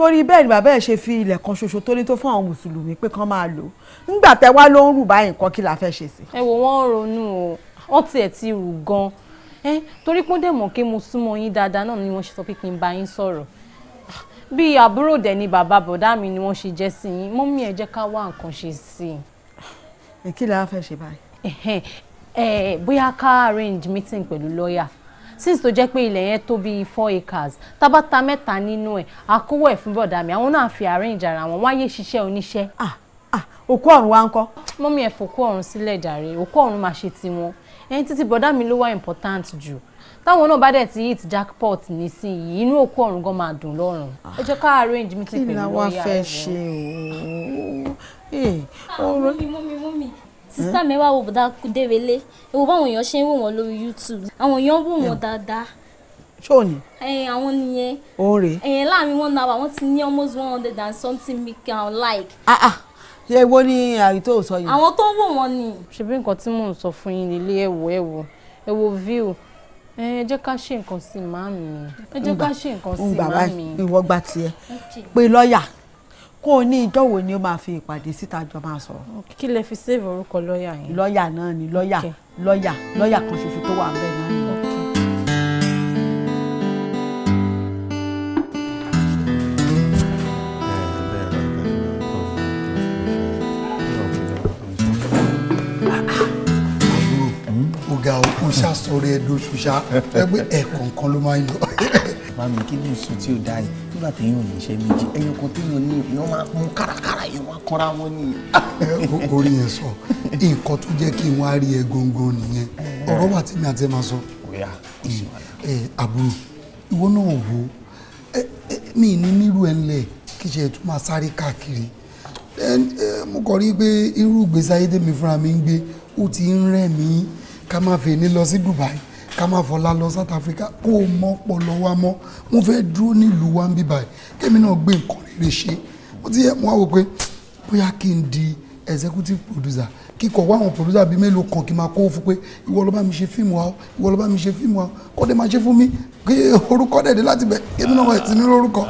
torí bẹ́ẹ̀ ni bàbá ẹ̀ ṣe fi ilẹ̀ kan ṣoṣo tó ní tó fún àwọn mùsùlùmí pé kán máa lò nígbà tẹ wá ló ń rù báyìí nǹkan kí la fẹ́ ṣe sí. ẹ wo wọn ronú o wọn tiẹ̀ ti rù gan ẹ torí pé dẹ̀ mọ̀ pé mo súnmọ́ yín dáadáa náà ni wọ́n ṣe sọ pé kí n bá yín sọ̀rọ̀ bí àbúrò dẹ̀ ni bàbá bọ̀dá mi ni wọ́n ṣe jẹ́ sí yín mọ́mí ẹ jẹ́ ká wá nǹkan ṣe sí i. kí la fẹ́ ṣe báyìí. bóyá ká arrange meeting pẹ̀lú lawyer since to jẹ́ pé ilẹ̀ yẹn tó bíi four acres tábàtà mẹ́ta nínú ẹ̀ àkówó ẹ̀ fún bọ̀dà mi àwọn náà fi arrange ara wọn wáyé ṣiṣẹ́ oníṣẹ́. ah ah òkú ọ̀run wa ń kọ́. mọ́mí ẹ̀ fòkú ọ̀run sílẹ̀ jàre òkú ọ̀run máa ṣe tiwọn ẹni títí bọ̀dá mi ló wá important jù táwọn náà bá dẹ̀ ti hit jackpot nísìnyí inú òkú ọ̀run gan máa dùn lọ́rùn ẹ jẹ́ ká arrange meeting pẹ̀lú lọ́ọ̀yà rẹ̀. kí ni àwa fẹ́ ṣe o. Eh, ah, mọ́mí mọ́mí mọ́mí sísá mi wá wo bùdá kúdérelé ewu báwọn èèyàn ṣe ń wò wọ́n lórí youtube àwọn èèyàn wò wọ́n dáadáa. ṣó ni. ẹyin àwọn nìyẹn. oore. ẹyin láàrin one hour wọ́n ti ní almost one hundred and something million like. ah ah ṣé wo ni àrí tó sọ yìí. àwọn tó ń wò wọ́n ni. ṣebí nǹkan tí mò ń sọ fún yín nílé ẹ̀wò ẹ̀wò ẹ̀wò view ẹ jẹ́ ká ṣe nǹkan sí màmí ẹ jẹ́ ká ṣe nǹkan sí màmí. ń bàbá ìwọ gba tiẹ̀ pé lọ́ọ̀yà kó o ní ìjọ wo ni ó máa fi ìpàdé síta jọ máa sọ̀rọ̀. kí lẹ fi save orúkọ lọ́ọ̀yà yẹn. lọ́ọ̀yà náà ni lọ́ọ̀yà lọ́ọ̀yà lọ́ọ̀yà kan ṣoṣo tó wà ń bẹ̀ náà ni. ọ̀gá òkú ṣàṣọrẹ ẹdọ ṣùṣà ẹgbẹ ẹ̀kọ̀ọ̀kan ló máa ń lọ. bàmí kí ni èso tí ó dá yìí nígbà tí yóò ní iṣẹ́ méjì ẹyọ kan tí yóò ní èèyàn máa mú kárakára èèyàn máa kọ́ra wọn ni. orí yẹn sọ nǹkan tó jẹ́ kí wọ́n á rí ẹ gangan nìyẹn ọ̀rọ̀ wà tí mi àti ẹ máa sọ. àbúrò ìwọ náà wò ó mi ní nírú ẹ ńlẹ kí ṣe tún máa sáré káàkiri mo kàn rí i pé irú ìgbésí ayé fúnra mi ń gbé ó ti ń rẹ̀ mí ká má fẹ́ ní lọ sí Dubai ká máa fọlá lọ South Africa kó o mọ ọpọlọ wa mọ wọn fẹẹ dúró nílùú wa ń bí báyìí kémi náà gbé nǹkan rere ṣe ó ti yẹ wọn wò pé bóyá kí n di executive producer kíkọ wá àwọn producer bíi mélòó kan kí n máa kó fún pé ìwọ ló bá mi ṣe fíìmù wa ìwọ ló bá mi ṣe fíìmù wa kó dé máa ṣe fún mi kí orúkọ dẹ̀dẹ̀ láti bẹ̀ kémi náà ti ní orúkọ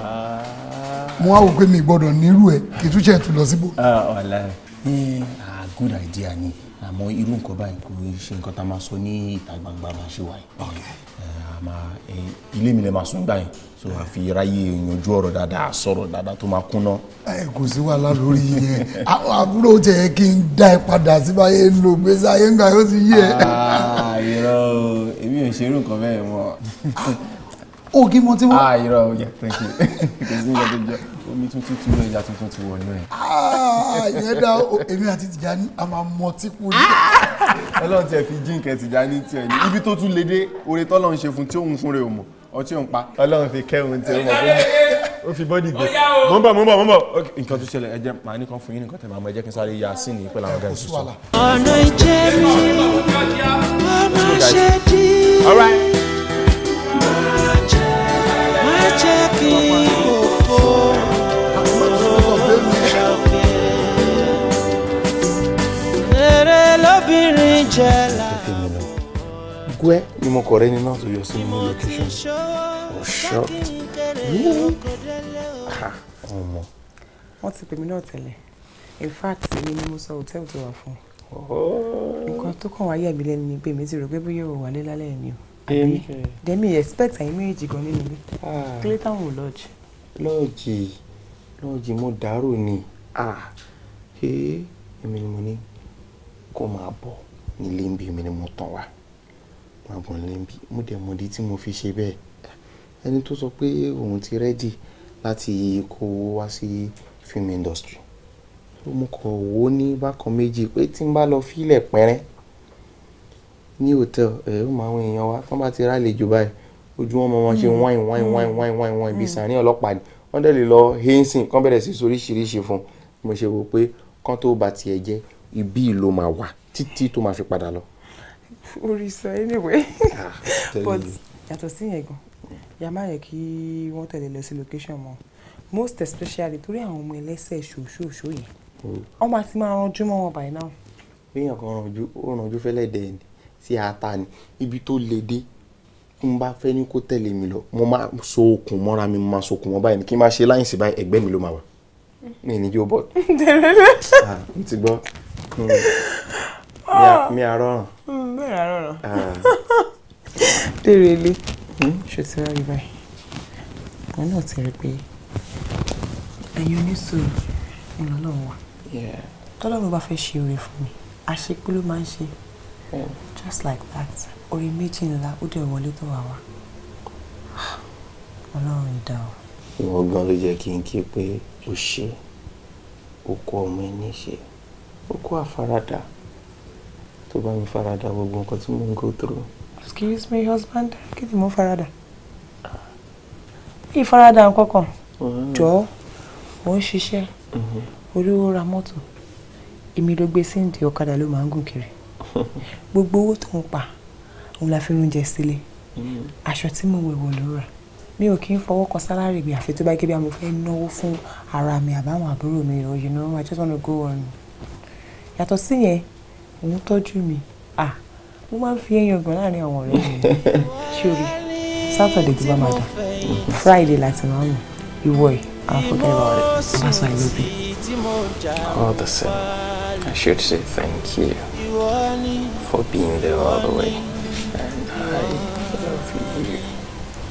mo wá wò pé mi gbọ́dọ̀ nírú ẹ̀ kì í túnṣe ètò lọ síbò. ọ̀la ah, ẹ̀ hmm, ah, good idea ni àmọ́ irú nǹkan báyìí kò ṣe nǹkan tá a máa sọ ní ìta gbangba bá ṣe wáyé ilé mi lè máa sún gbà so àfi ráyè yanjú ọ̀rọ̀ dáadáa sọ̀rọ̀ dáadáa tó máa kúnná. ẹ kò sí wàhálà lórí yẹn àbúrò tẹ ẹ kí n dá ẹ padà síbáyé ń lo gbèsè ayé ń gbà yóò ti yé ẹ. Ah, èmi ò ṣerú nǹkan bẹ́ẹ̀ mọ́. Ah, ògì mo ti wọ́n. ah irọ́ yeah, thank you (laughs) kò sí ìyá tó jẹ omi tuntun tún lọ ìyá tuntun ti wọ̀ nù ẹ̀. ah ìyẹn dá èmi àti Tìjání a máa mọ tí kú ní. (laughs) ọlọ́run tiẹ̀ fi jíǹkẹ́ Tìjání tiẹ̀ ní ibi tó tún lédè oore tọ́lọ́run ṣe fún tí òun fún rẹ̀ ò mọ̀ ọtí òun pa ọlọ́run fi kẹ́hùn tí ó mọ̀ fún mi ó fi bọ́dì gbé mò ń bọ̀ mò ń bọ̀ mò ń bọ̀ nǹkan tó ṣẹlẹ̀ ẹ jẹ́ màá nìkan fún yín nìkan tẹ̀ máa mọ ẹ jẹ́ kí n sáré ya sí ní pẹ̀lú àwọn ọ̀gá ìṣòṣò. ọ̀nà ìjẹ́rìí ọmọ ṣe dí. Tẹ̀fẹ́ mi lọ. Gwẹ́ ni mo kọ̀ rẹ́ ní náà tó yọ new location. Oh shocked. Really? Ọmọ. Wọ́n ti pè mí náà tẹ́lẹ̀. In fact, èmi ni mo sọ hòtẹ́ẹ̀lì tó wà fún. Oh. Nǹkan tó kàn wáyé àbí lẹ́nu ni pé èmi ti rò pé bóyá ò wálé lálẹ́ mi o. Àbí Dẹ́mi expect àyín méjì gan nínú ilé. Ah. Kílé táwọn ò lọ́ọ̀jì. Lọ́ọ̀jì lọ́ọ̀jì mo dàrú ni. Ah, èmi ni mo ní kó máa bọ̀ ní lẹ́ńbì mi ni mo tàn wá máa bọ̀ lẹ́ńbì mo dẹ̀ mọ̀dí tí mo fi ṣe bẹ́ẹ̀ ẹni tó sọ pé òun ti rẹ́dì láti kó owó wá sí film industry mo kọ̀ wò ó ní bákan méjì pé tí n bá lọ fílẹ̀ pẹ́rẹ́ ní hòtẹ́ẹ̀lì ẹ̀ ó máa ń èèyàn wa tán bá ti rálejò báyìí ojú wọn máa ṣe hmm. wáìn wáìn wáìn wáìn wáìn wáìn bíi hmm. sàn ní ọlọ́pàá ni wọ́n dẹ̀ lè lọ hẹ́ńsìn kán bẹ̀rẹ̀ sí soríṣiríṣi fún un mo ṣe wò pé kán tó bá tiẹ̀ jẹ́ ibí ló máa wà títí tó máa fi padà lọ. orí anyway ah, but yàtọ̀ sí yẹn gan yàá má yẹ kí wọ́n tẹ̀lé lọ sí location mọ́ most especially torí àwọn ọmọ ẹlẹ́sẹ̀ ṣòṣòṣò yìí mm. ọmọ àti máa ranjú mọ́ wọn by now. bíyàn kan ranjú ó ranjú fẹ́lẹ́ dẹ̀ ni sí ata ni ibi tó le dé n bá fẹ́ ní kó tẹ̀lé mi lọ mo máa so okùn mọ́ra mi mo máa so okùn mọ́ báyìí ni kí n máa ṣe láyìnsì báyìí ẹ̀gbẹ́ mi ló máa wà mi ní jó bọ́ọ̀dù. n (laughs) ah, ti gbọ́. Hmm mi àrọ̀ràn. bẹ́ẹ̀ àrọ̀ràn. dèrè ilé ṣètò rárí báyìí wọn náà ti rí i pé ẹ̀yin oníṣòro ńlọ́lọ́run wà tọ́lọ́run bá fẹ́ ṣe oore fún mi àṣepé ló máa ń ṣe hmm. just like that oore méjì ńlá ó dẹ̀ wọlé tó wà wá ọlọ́run ìdá o. ìwọ gan ló jẹ́ kí n kí pé o ṣe o kọ ọmọ ẹni ṣe o kọ àfaradà tó bá mi farada gbogbo nǹkan tí mò ń go through. excuse me husband kí ni mo farada ìfaradà nǹkankan mm-hmm. jọ ò ń ṣiṣẹ́ mm-hmm. oríwó ra mọ́tò èmi ló gbé síǹdì ọ̀kadà ló máa ń gùn kiri (laughs) gbogbo owó tó ń pa òun la fi oúnjẹ sílé mm-hmm. aṣọ tí mo wẹ̀ wọ̀ ló rà mi ò kí ń fọwọ́ kan sálárì mi àfi tó bá gé bí mo fẹ́ náwó fún ara mi àbáwọn àbúrò mi you know I just wanna go on yàtọ̀ síyẹn òun tọ́jú mi ah mo máa ń fi ẹyin ọgbọ̀n láàrin àwọn ọ̀rẹ́ mi ṣórí sátọ̀dẹ̀ tó bá máa dà friday láti máa mọ̀ ìwọ ẹ̀ I'll forget about it má sọ ìlú bí. all the same I should say thank you for being there all the way and I love you too.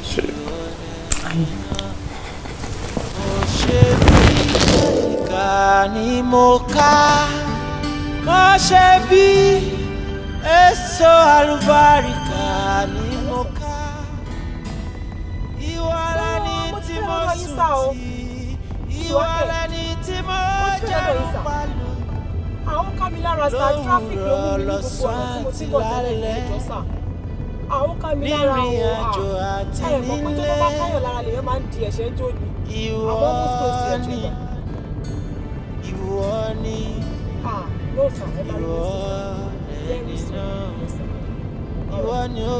ṣe bí ìka ni mo ká má ṣe bí èso àlùbáríkà ni mo oh, mo sùn sí ìwà lẹni mo jẹun pálù àwọn ká mi lára traffic ló mo ti bọ̀ tẹ́lẹ̀ ní ìjọ́sà àwọn ká mi lára wọ̀ á ẹ̀ mọ̀ pé tó bá bá káyọ̀ lára lèyàn máa ń di No, sir. Ìwọ ni iná. Ìwọ ni o.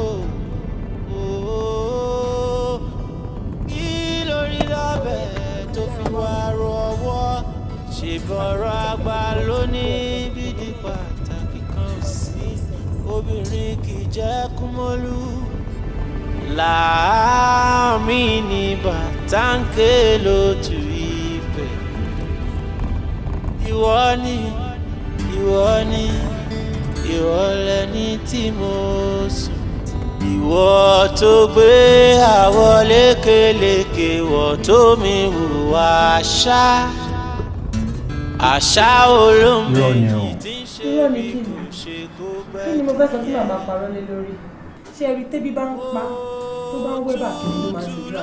Kí lórí lábẹ́ tó fi wá rọ ọwọ́? Ṣèbọ̀rọ̀ àgbà lónìí bídí pàtàkì kan sí. Obìnrin kì í jẹ́ kúmọ́lú. Láàmì ni bàtà lótú ibẹ̀. Ìwọ ni ìwọ ni ìwọ lẹni tí mo sùn. ìwọ tó gbé àwọ̀ lékeleke wọ̀ tó mi hùwà àṣà àṣà olómi tí ń ṣe mí kò ṣe kó bẹ́ẹ̀. kí ni mo fẹ́ sọ tí màmá parọ́ lé lórí ṣé ẹ rí tẹ́bí bá ń pa tó bá ń wé bàkìrì ló máa ṣòdúrà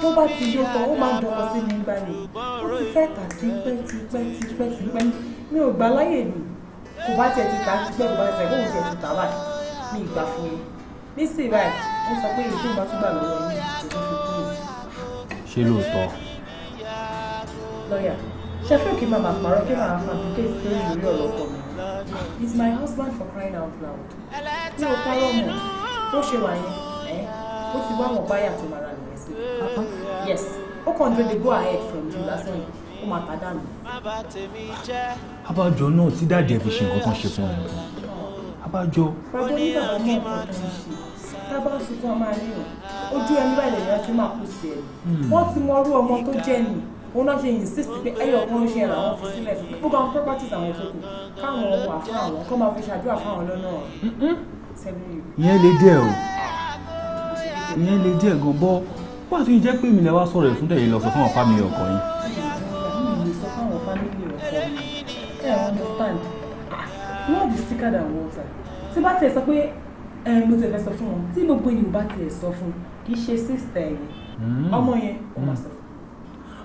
tó bá ti yó tán ó máa dọkọ sí mi gbani ó ti fẹ́ kà sí pẹ́ ti pẹ́ ti mi ò gbà láyè mi kò bá tiẹ̀ ti ta gbẹ́ kò bá tiẹ̀ kò tiẹ̀ ti ta báyìí mi ìgbà fún yín nísìnyí báyìí wọ́n sọ pé èyí tó bá tún gbà lọ́wọ́ yín kò tó fi kúrò. ṣé lóòótọ́. lọ́ọ̀yà ṣẹ́fẹ́ kí màmá parọ́ kí màmá fabricate lórí lórí ọ̀rọ̀ ọkọ mi it's my husband for crying out loud mi ò parọ́ mọ́ ó ṣe wà yẹn ó ti wá àwọn báyà tó mara nìyẹn sí. yes ó kàn dé dey go ahead from you last night kó máa tàdá nù. abájọ náà tí dáàdì ẹ fi ṣe nǹkan kan ṣe fún ẹ abájọ. bàbá nígbà tó mọ ọkọ tó ń ṣe tá a bá ń sunkún ọmọ alẹ́ o ojú ẹni báyìí lè yàn sí máa kú sí ẹ hmm. wọ́n ti mọ irú ọmọ tó jẹ́ nì òun náà ṣe insist pé ẹyọ kan ṣe ẹ̀rọ àwọn fi sílẹ̀ gbogbo àwọn properties àwọn tó kù káwọn wà fún àwọn kó máa fi ṣàdúrà fún àwọn lọ́nà ìyẹn lè díẹ̀ o ìyẹn lè díẹ̀ gan bọ́ wọ́n ti jẹ́ pé mi lè wá sọ̀rọ̀ ìfúndẹ̀ yìí lọ sọ fún àwọn fámìlì ọkọ yìí. ẹ understand wọ́n is thicker than water tí bá tiẹ̀ sọ pé eh, mo ti fẹ́ sọ fún wọn tí gbogbo ènìyàn bá tiẹ̀ sọ fún kì í ṣe sísítà ẹ̀yìn hmm. ọmọ yẹn ó máa hmm. sọ fún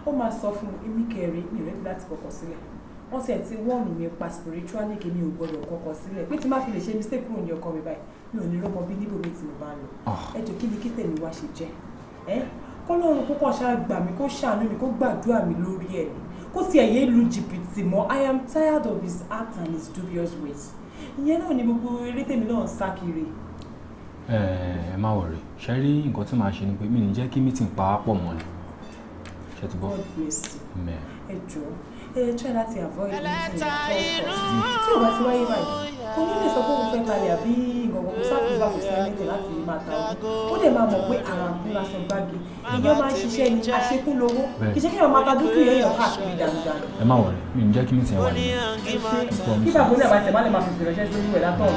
ó máa sọ fún èmi kẹrin mi ò rẹ́dí láti kọ̀kọ̀ sílẹ̀ wọ́n tiẹ̀ ti wọ́ọ̀nù mi pa spiritually kì mi ò gbọ́dọ̀ kọ̀kọ̀ sílẹ̀ pé tí má fi lè ṣe mistake kúrò ní ọkọ mi báyìí mi ò ní lọ́mọ bí níbo mi ti mo bá lọ ah. ẹ jọ kí ni kí tèmi wá ṣe jẹ́ ẹ eh? kọ́lọ́run kó kàn ṣáà gbà mí kó ṣàánú mi kó gbàdúrà mi lórí ẹ̀ ni kó tiẹ̀ yé lu jìbìtì mọ́ i am tired of his act and his dubious ways ìyẹn náà ni gbogbo eré tèmi náà sá kiri. ẹ ẹ má wọrí ṣe rí nǹkan tí màá ṣe ni pé mi ò ní jẹ́ kí mítìn pa á pọ̀ mọ́ ni ṣe ti gbọ́. God bless you. ẹ jọ̀ọ́ ẹ try láti avoid anything at tí o bá ti wáyé báyìí kò ní lè sọ pé mo fẹ́ balẹ̀ àbí ìgbọ̀ngàn kò sábà kò sí ẹlẹ́tẹ̀ láti máa ta owó dẹ̀ máa mọ̀ pé ara ń búra sọ gbági ìyẹn máa ń ṣiṣẹ́ ní àṣekún lówó kì í ṣe kéèyàn máa ta dúkìá èèyàn káàkiri dáadáa. ẹ má wọlé mi ò ní jẹ́ kí ní tiẹ̀ wà ní. kí bàbá olè àbàtì má lè máa fi fèrè ṣẹ́ sórí ìwẹ̀ látọ̀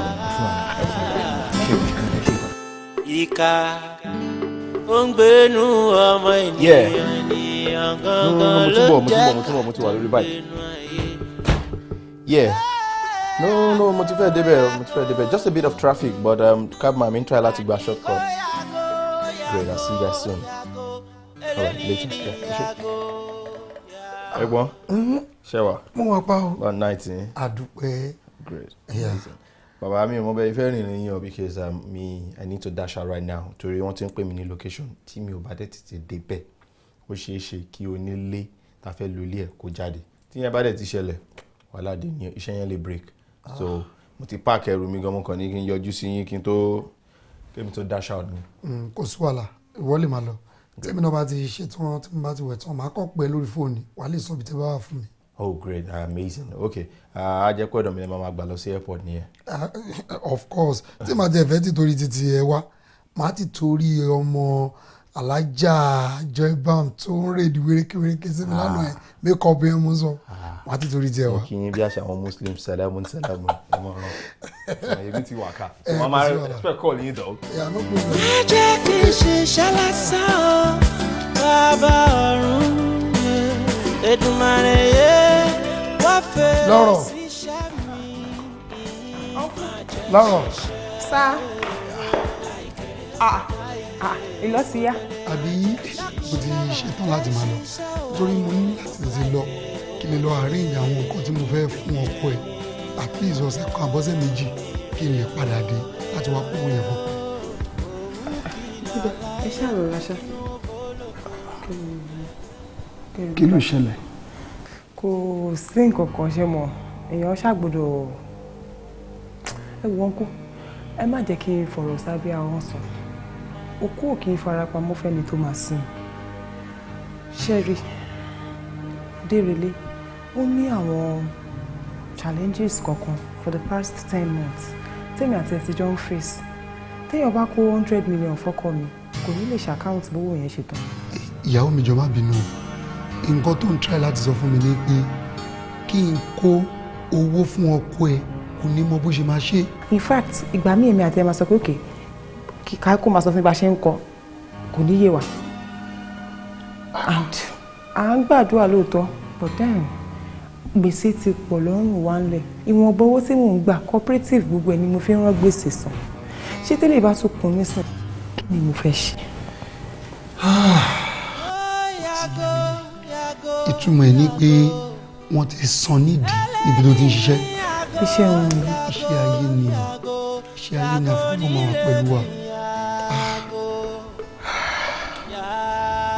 ìka ó ń gbénu ọmọ ènìyàn ni. No, no, gangan ló jẹ́ ká yeah no no mo ti fẹ́ débẹ̀ mo ti fẹ́ débẹ̀ just a bit of traffic but um, cabman mi n try láti gba shortcut great I'll see you guys soon alright later yeah, ẹ̀gbọ́n ṣe wa mo wà pa o about nineteen àdúpẹ́ great yeah. bàbá mi ò mọ bẹ́ẹ̀ ìfẹ́ rìnrìn yín o because um, me. i need to dash out right now torí wọ́n ti ń pè mí ní location tí mi ò bá dé tètè débẹ̀ ó ṣeé ṣe kí onílé tá a fẹ́ lo ẹ̀ kó jáde tíyẹn bá dẹ̀ ti ṣẹlẹ̀ wàhálà dé ní iṣẹ́ yẹn lè break so mo ti páàkì ẹrù mi gan mo kàn ní kí n yọjú sí yín kí n tó kémi tó dash out ni. Mm, kò sí wàhálà ìwọ lè máa lọ tèmi náà bá ti ṣètò tí mo bá ti wẹ̀ tán màá kàn pẹ́ lórí fóònù wàá lè sọ ibi tí bá wà fún mi. oh great ah, amazing okay ah, a jẹ́ pé ọ̀dọ̀ mi ni màá gbà lọ sí airport nìyẹn. Ah, of course tí màá jẹ́ ìfẹ́ ti torí titi ẹ wá màá ti torí ọmọ. Uh, alájà joy bam tó ń rèdí wérékéwéréké sí mi ah. lánàá ẹ mẹkọ bí ẹ mú sọ ah. wọn á ti torí jẹ wa. kì í bí àṣà àwọn muslim sẹlẹmù sẹlẹmù ọmọ ọ̀rọ̀ ẹbí ti wà ká so wọn máa respect call yín dọ. má jẹ́ kí n ṣe ṣálásán o bàbá ọ̀run Èdùmàrè yé wá fèrè sí iṣẹ́ mi. lọ́rọ̀ sá. ah ìlọ ti yá. àbí mo ti ṣetán láti máa lọ torí mo ní láti tètè lọ kí ni lọ àárín àwọn nǹkan tí mo fẹ́ fún ọkọ ẹ̀ at least ọ̀sẹ̀ kan àbọ̀sẹ̀ méjì kí n lè padà dé láti wá kó yẹn fún. ẹ ṣáà lọ raṣá. kí ló ṣẹlẹ̀. kò sí nǹkan kan ṣe mọ́ èèyàn ṣàgbọ́dọ̀ ẹ wọ́n kú ẹ má jẹ́ kí n fọ̀rọ̀ sábẹ́ àwọn sọ̀rọ̀ òkú ò kì í farapamọ́ fẹ́ni tó máa sìn ṣẹ́rí dérelé ó ní àwọn challenges kankan for the past ten months tèmi àti ẹ̀sìn jọ ń face téèyàn bá kó hundred million fọ́kọ mi kò ní lè ṣàkáùntì bówó yẹn ṣe tán. ìyàwó mi jọ bínú nǹkan tó ń try láti sọ fún mi ni pé kí n kó owó fún ọkọ ẹ kò ní mọ bó ṣe máa ṣe. in fact ìgbà míì èmi àti ẹ máa sọ pé òkè. Okay, kí káíkó máa sọ fún mi bá ṣe ń kọ kò ní yé wa and à ń gbàdúrà lóòótọ́ but then gbèsè ti pọ̀ lọ́rùn wa ńlẹ̀ ìwọ̀nba owó tí mò ń gbà cooperative gbogbo ẹ̀ ni mo fi ń rán gbèsè san ṣé tẹ́lẹ̀ bá tún kún nísìn kí ni mo fẹ́ ṣe. ìtumọ̀ ẹ̀ ni pé wọ́n ti san nídìí níbi tó ti ń ṣiṣẹ́. iṣẹ́ wọn ni. iṣẹ́ ayé ni iṣẹ́ ayé ni àfikún máa pẹ̀lú wa.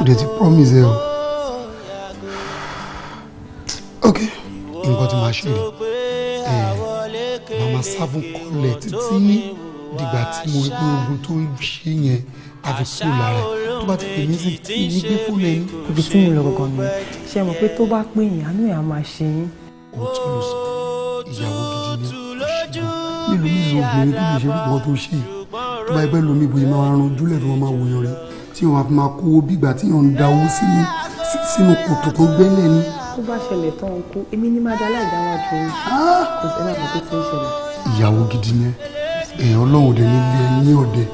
dẹ̀ ti promise ẹ o ok nǹkan tí màá ṣe rè ẹ màmá sáfún kọlẹ̀ títí dìgbà tí mo rí pé ogun tó ń ṣe yẹn àfi kúrò lára tó bá ti pè mí sí ní gbé fún lẹ́yìn. ibi tí mo lọ gangan ni ṣe mọ̀ pé tó bá pè yín àánú ẹ̀ á máa ṣe yín. òótọ́ ló sọ ìyàwó gidi ni ó ṣe mélòó mélòó obìnrin tó lè ṣe wọ́n tó ṣe tó bá ẹgbẹ́ lomi ìbòyè máa ń ran ojúlẹ̀ tó wọ́n máa wòyàn rẹ̀ tí wọn fi máa kówó bígbà tí wọn ń da owó sínú sínú kòtò tó gbẹ́lẹ̀ ni. tó bá ṣẹlẹ̀ tán ń kú èmi ní máa da aláìdáwájú yín ah! kò sí ẹ̀rọ àbùkù tí ń ṣẹlẹ̀. ìyàwó gidi ni èèyàn ọlọ́run dẹ̀ nílé ní ọ̀dẹ̀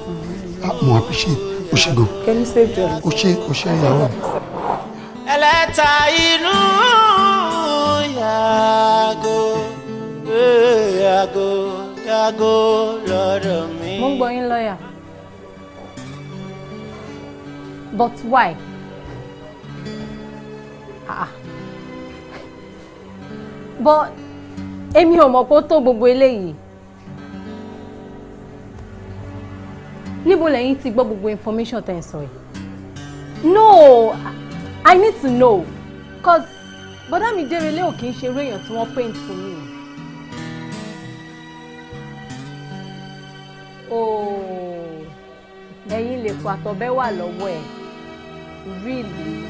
ah, mo àfiṣe ó ṣe gan. kẹ́mi ṣe jọ. ó ṣe ó ṣe ìyàwó. ẹlẹ́ta inú yàgò yàgò yàgò lọ́dọ̀ mi. mo ń gbọ́ yín lọ́yà but why? Ah. but èmi ò mọ̀ pé ó tó gbogbo eléyìí. níbo lẹ́yìn ti gbọ́ gbogbo information tẹ̀ ń sọ no i need to know cause bọ́dá mi dére lé òkè ń ṣe eré èèyàn tí wọ́n paint fún mi. ooo oh, ẹ̀yin lè kó àtọ̀bẹ́ wà lọ́wọ́ ẹ̀ really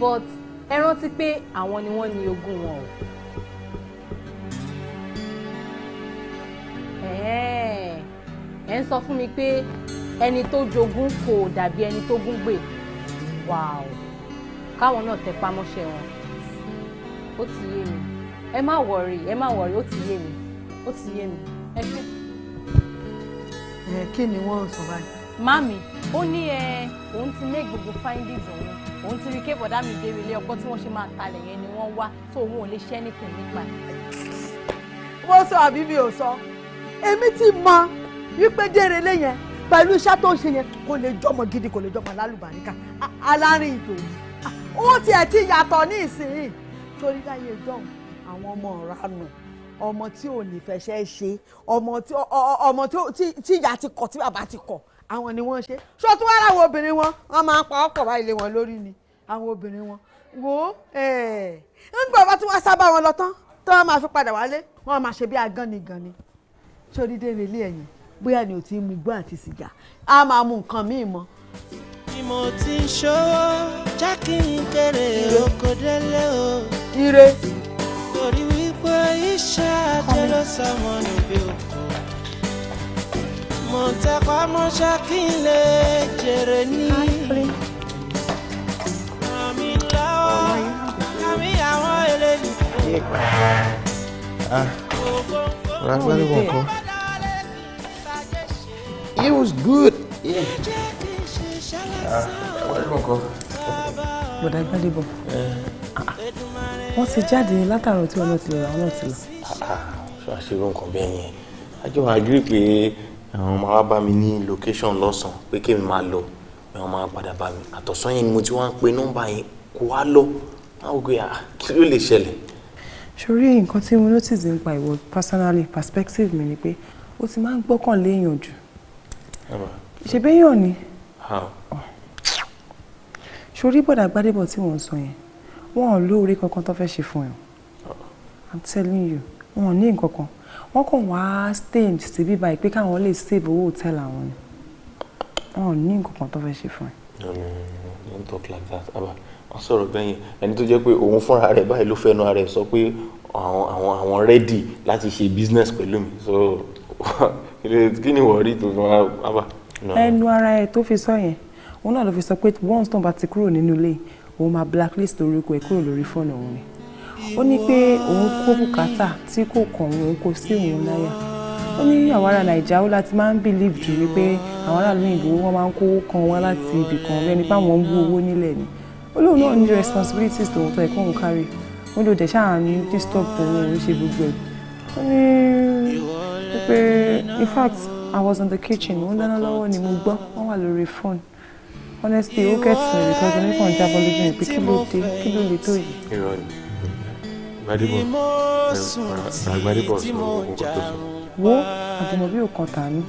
but ẹ rántí pé àwọn ni wọ́n ní ogún wọn o. ẹ ń sọ fún mi pé ẹni tó jogún kò dàbí ẹni tó gún gbè wàá káwọn náà tẹpá mọ́ṣẹ́ wọn ó ti yé mi ẹ má wọrí ẹ má wọrí ó ti yé mi ó ti yé mi ẹ ṣe. ẹ kí ni wọ́n ń sọ báyìí. má mi ó ní ẹ òun ti make gbogbo findings òun òun ti rí ké bọ̀dá mi dé relé ọgbọ́n tí wọ́n ṣe máa talẹ̀ yẹn ni wọ́n wá tó òun ò lè ṣẹ́ nìkan nípa ẹ̀. mo sọ àbí mi ò sọ èmi ti mọ wípé dére lé pẹ̀lú iṣẹ́ tó ń ṣe yẹn kò lè jọmọ gidi kò lè jọmọ alálùbáríkà alárin ìtò yìí ó tiẹ̀ ti yàtọ̀ ní ìsinyìí torí láyé ìjọhùn àwọn ọmọ ọ̀ranù ọmọ tí ò ní fẹsẹ̀ ṣe ọmọ tí ìyá ti kọ̀ tí bàbá ti kọ̀ àwọn ni wọ́n ṣe ṣó tún wá láwọn obìnrin wọn wọ́n máa ń pa ọ̀pọ̀ wá ilé wọn lórí ni àwọn obìnrin wọn wo nígbà wọn tí wọ́n sábà wọn lọ tán tí wọ́n máa fi padà wálé wọ́n máa ṣe bí agánigànni sórí dé ilé ẹ̀yìn bóyá ni ò ti mú gbọ́ àti sìgá a máa mú nǹkan míì mọ́. bí mo ti ń ṣòwò jẹ́ kí n kéré oko délé o. ire. torí wípé iṣẹ́ ajé ló sọ wọn níbi òkú àmọ̀tẹ́pamọ́ṣá kí n lè jèrè ní. àmì lọ́wọ́ àmì àwọn eléyìí. Ragbari Wonko. It was good. Ragbari Wonko. Bọ̀dá Gbadé bọ̀. Wọ́n ti jáde látàrọ̀ tí wọ́n náà ti lọ, àwọn náà ah, ah, Ṣé àṣírí nǹkan bẹ́ẹ̀ yẹn? Ajọ́ àgírí pé àwọn máa wá bá mi ní location lọ́sàn-án pé kémi máa lọ àwọn máa padà bá mi àtọ̀sán yẹn ni mo ti wá ń pe nọ́mbà yẹn kó wá lọ báwo gbé kí ló lè ṣẹlẹ̀. sórí nǹkan tí mo notice nípa ìwọ personally perspective mi ni pé o ti máa ń gbọ́kàn léèyàn jù ṣe béèyàn ni sórí bọ̀dà gbadébọ̀ tí wọ́n ń sọ yẹn wọ́n ò lóore kankan tó fẹ́ ṣe fún ẹ i'm telling you wọ́n ò ní nǹkan wọ́n kàn wá stage síbí báyìí pé káwọn lè save owó hòtẹ́ẹ̀lì àwọn ni wọn ò ní nǹkan kan tó fẹ́ ṣe fún ẹ. no no no don't talk like that aba wọn sọ̀rọ̀ bẹyìn ẹni tó jẹ́ pé òun fúnra rẹ̀ báyìí ló fẹnu ara ẹ̀ sọ pé àwọn àwọn àwọn ready láti ṣe business pẹ̀lú mi so (laughs) kí ni wọ́n rí tó fún aba. ẹnu ara ẹ tó fi sọ yẹn òun náà ló fi sọ pé once tó bá ti kúrò nínú ilé òun máa blacklist orúkọ ẹ kúrò lórí fóònù òun ni ó ní pé òun kó bùkátà tí kò kàn òun kò sí òun láyà ó ní àwọn ará nàìjíríà ó láti máa ń believe jù wípé àwọn aráàlú òyìnbó wọn máa ń kówó kan wá láti ibì kan rẹ nípa àwọn ń wú owó nílẹ̀ ni ó náà ní responsibilities tòun ẹ̀kọ́ òun kárí ó lò dẹ̀ ṣáà disturb òun òun ṣe gbogbo ẹ̀ ó ní wípé in fact I was in the kitchen ó ń dáná lọ́wọ́ ni mo gbọ́ wọ́n wà lórí phone honestly ó kẹ́tù because oníkan jábọ́ lójú mi pé kí ló dé kí ló lè tó yìí wo àjùmọ̀bí ò kan tàánú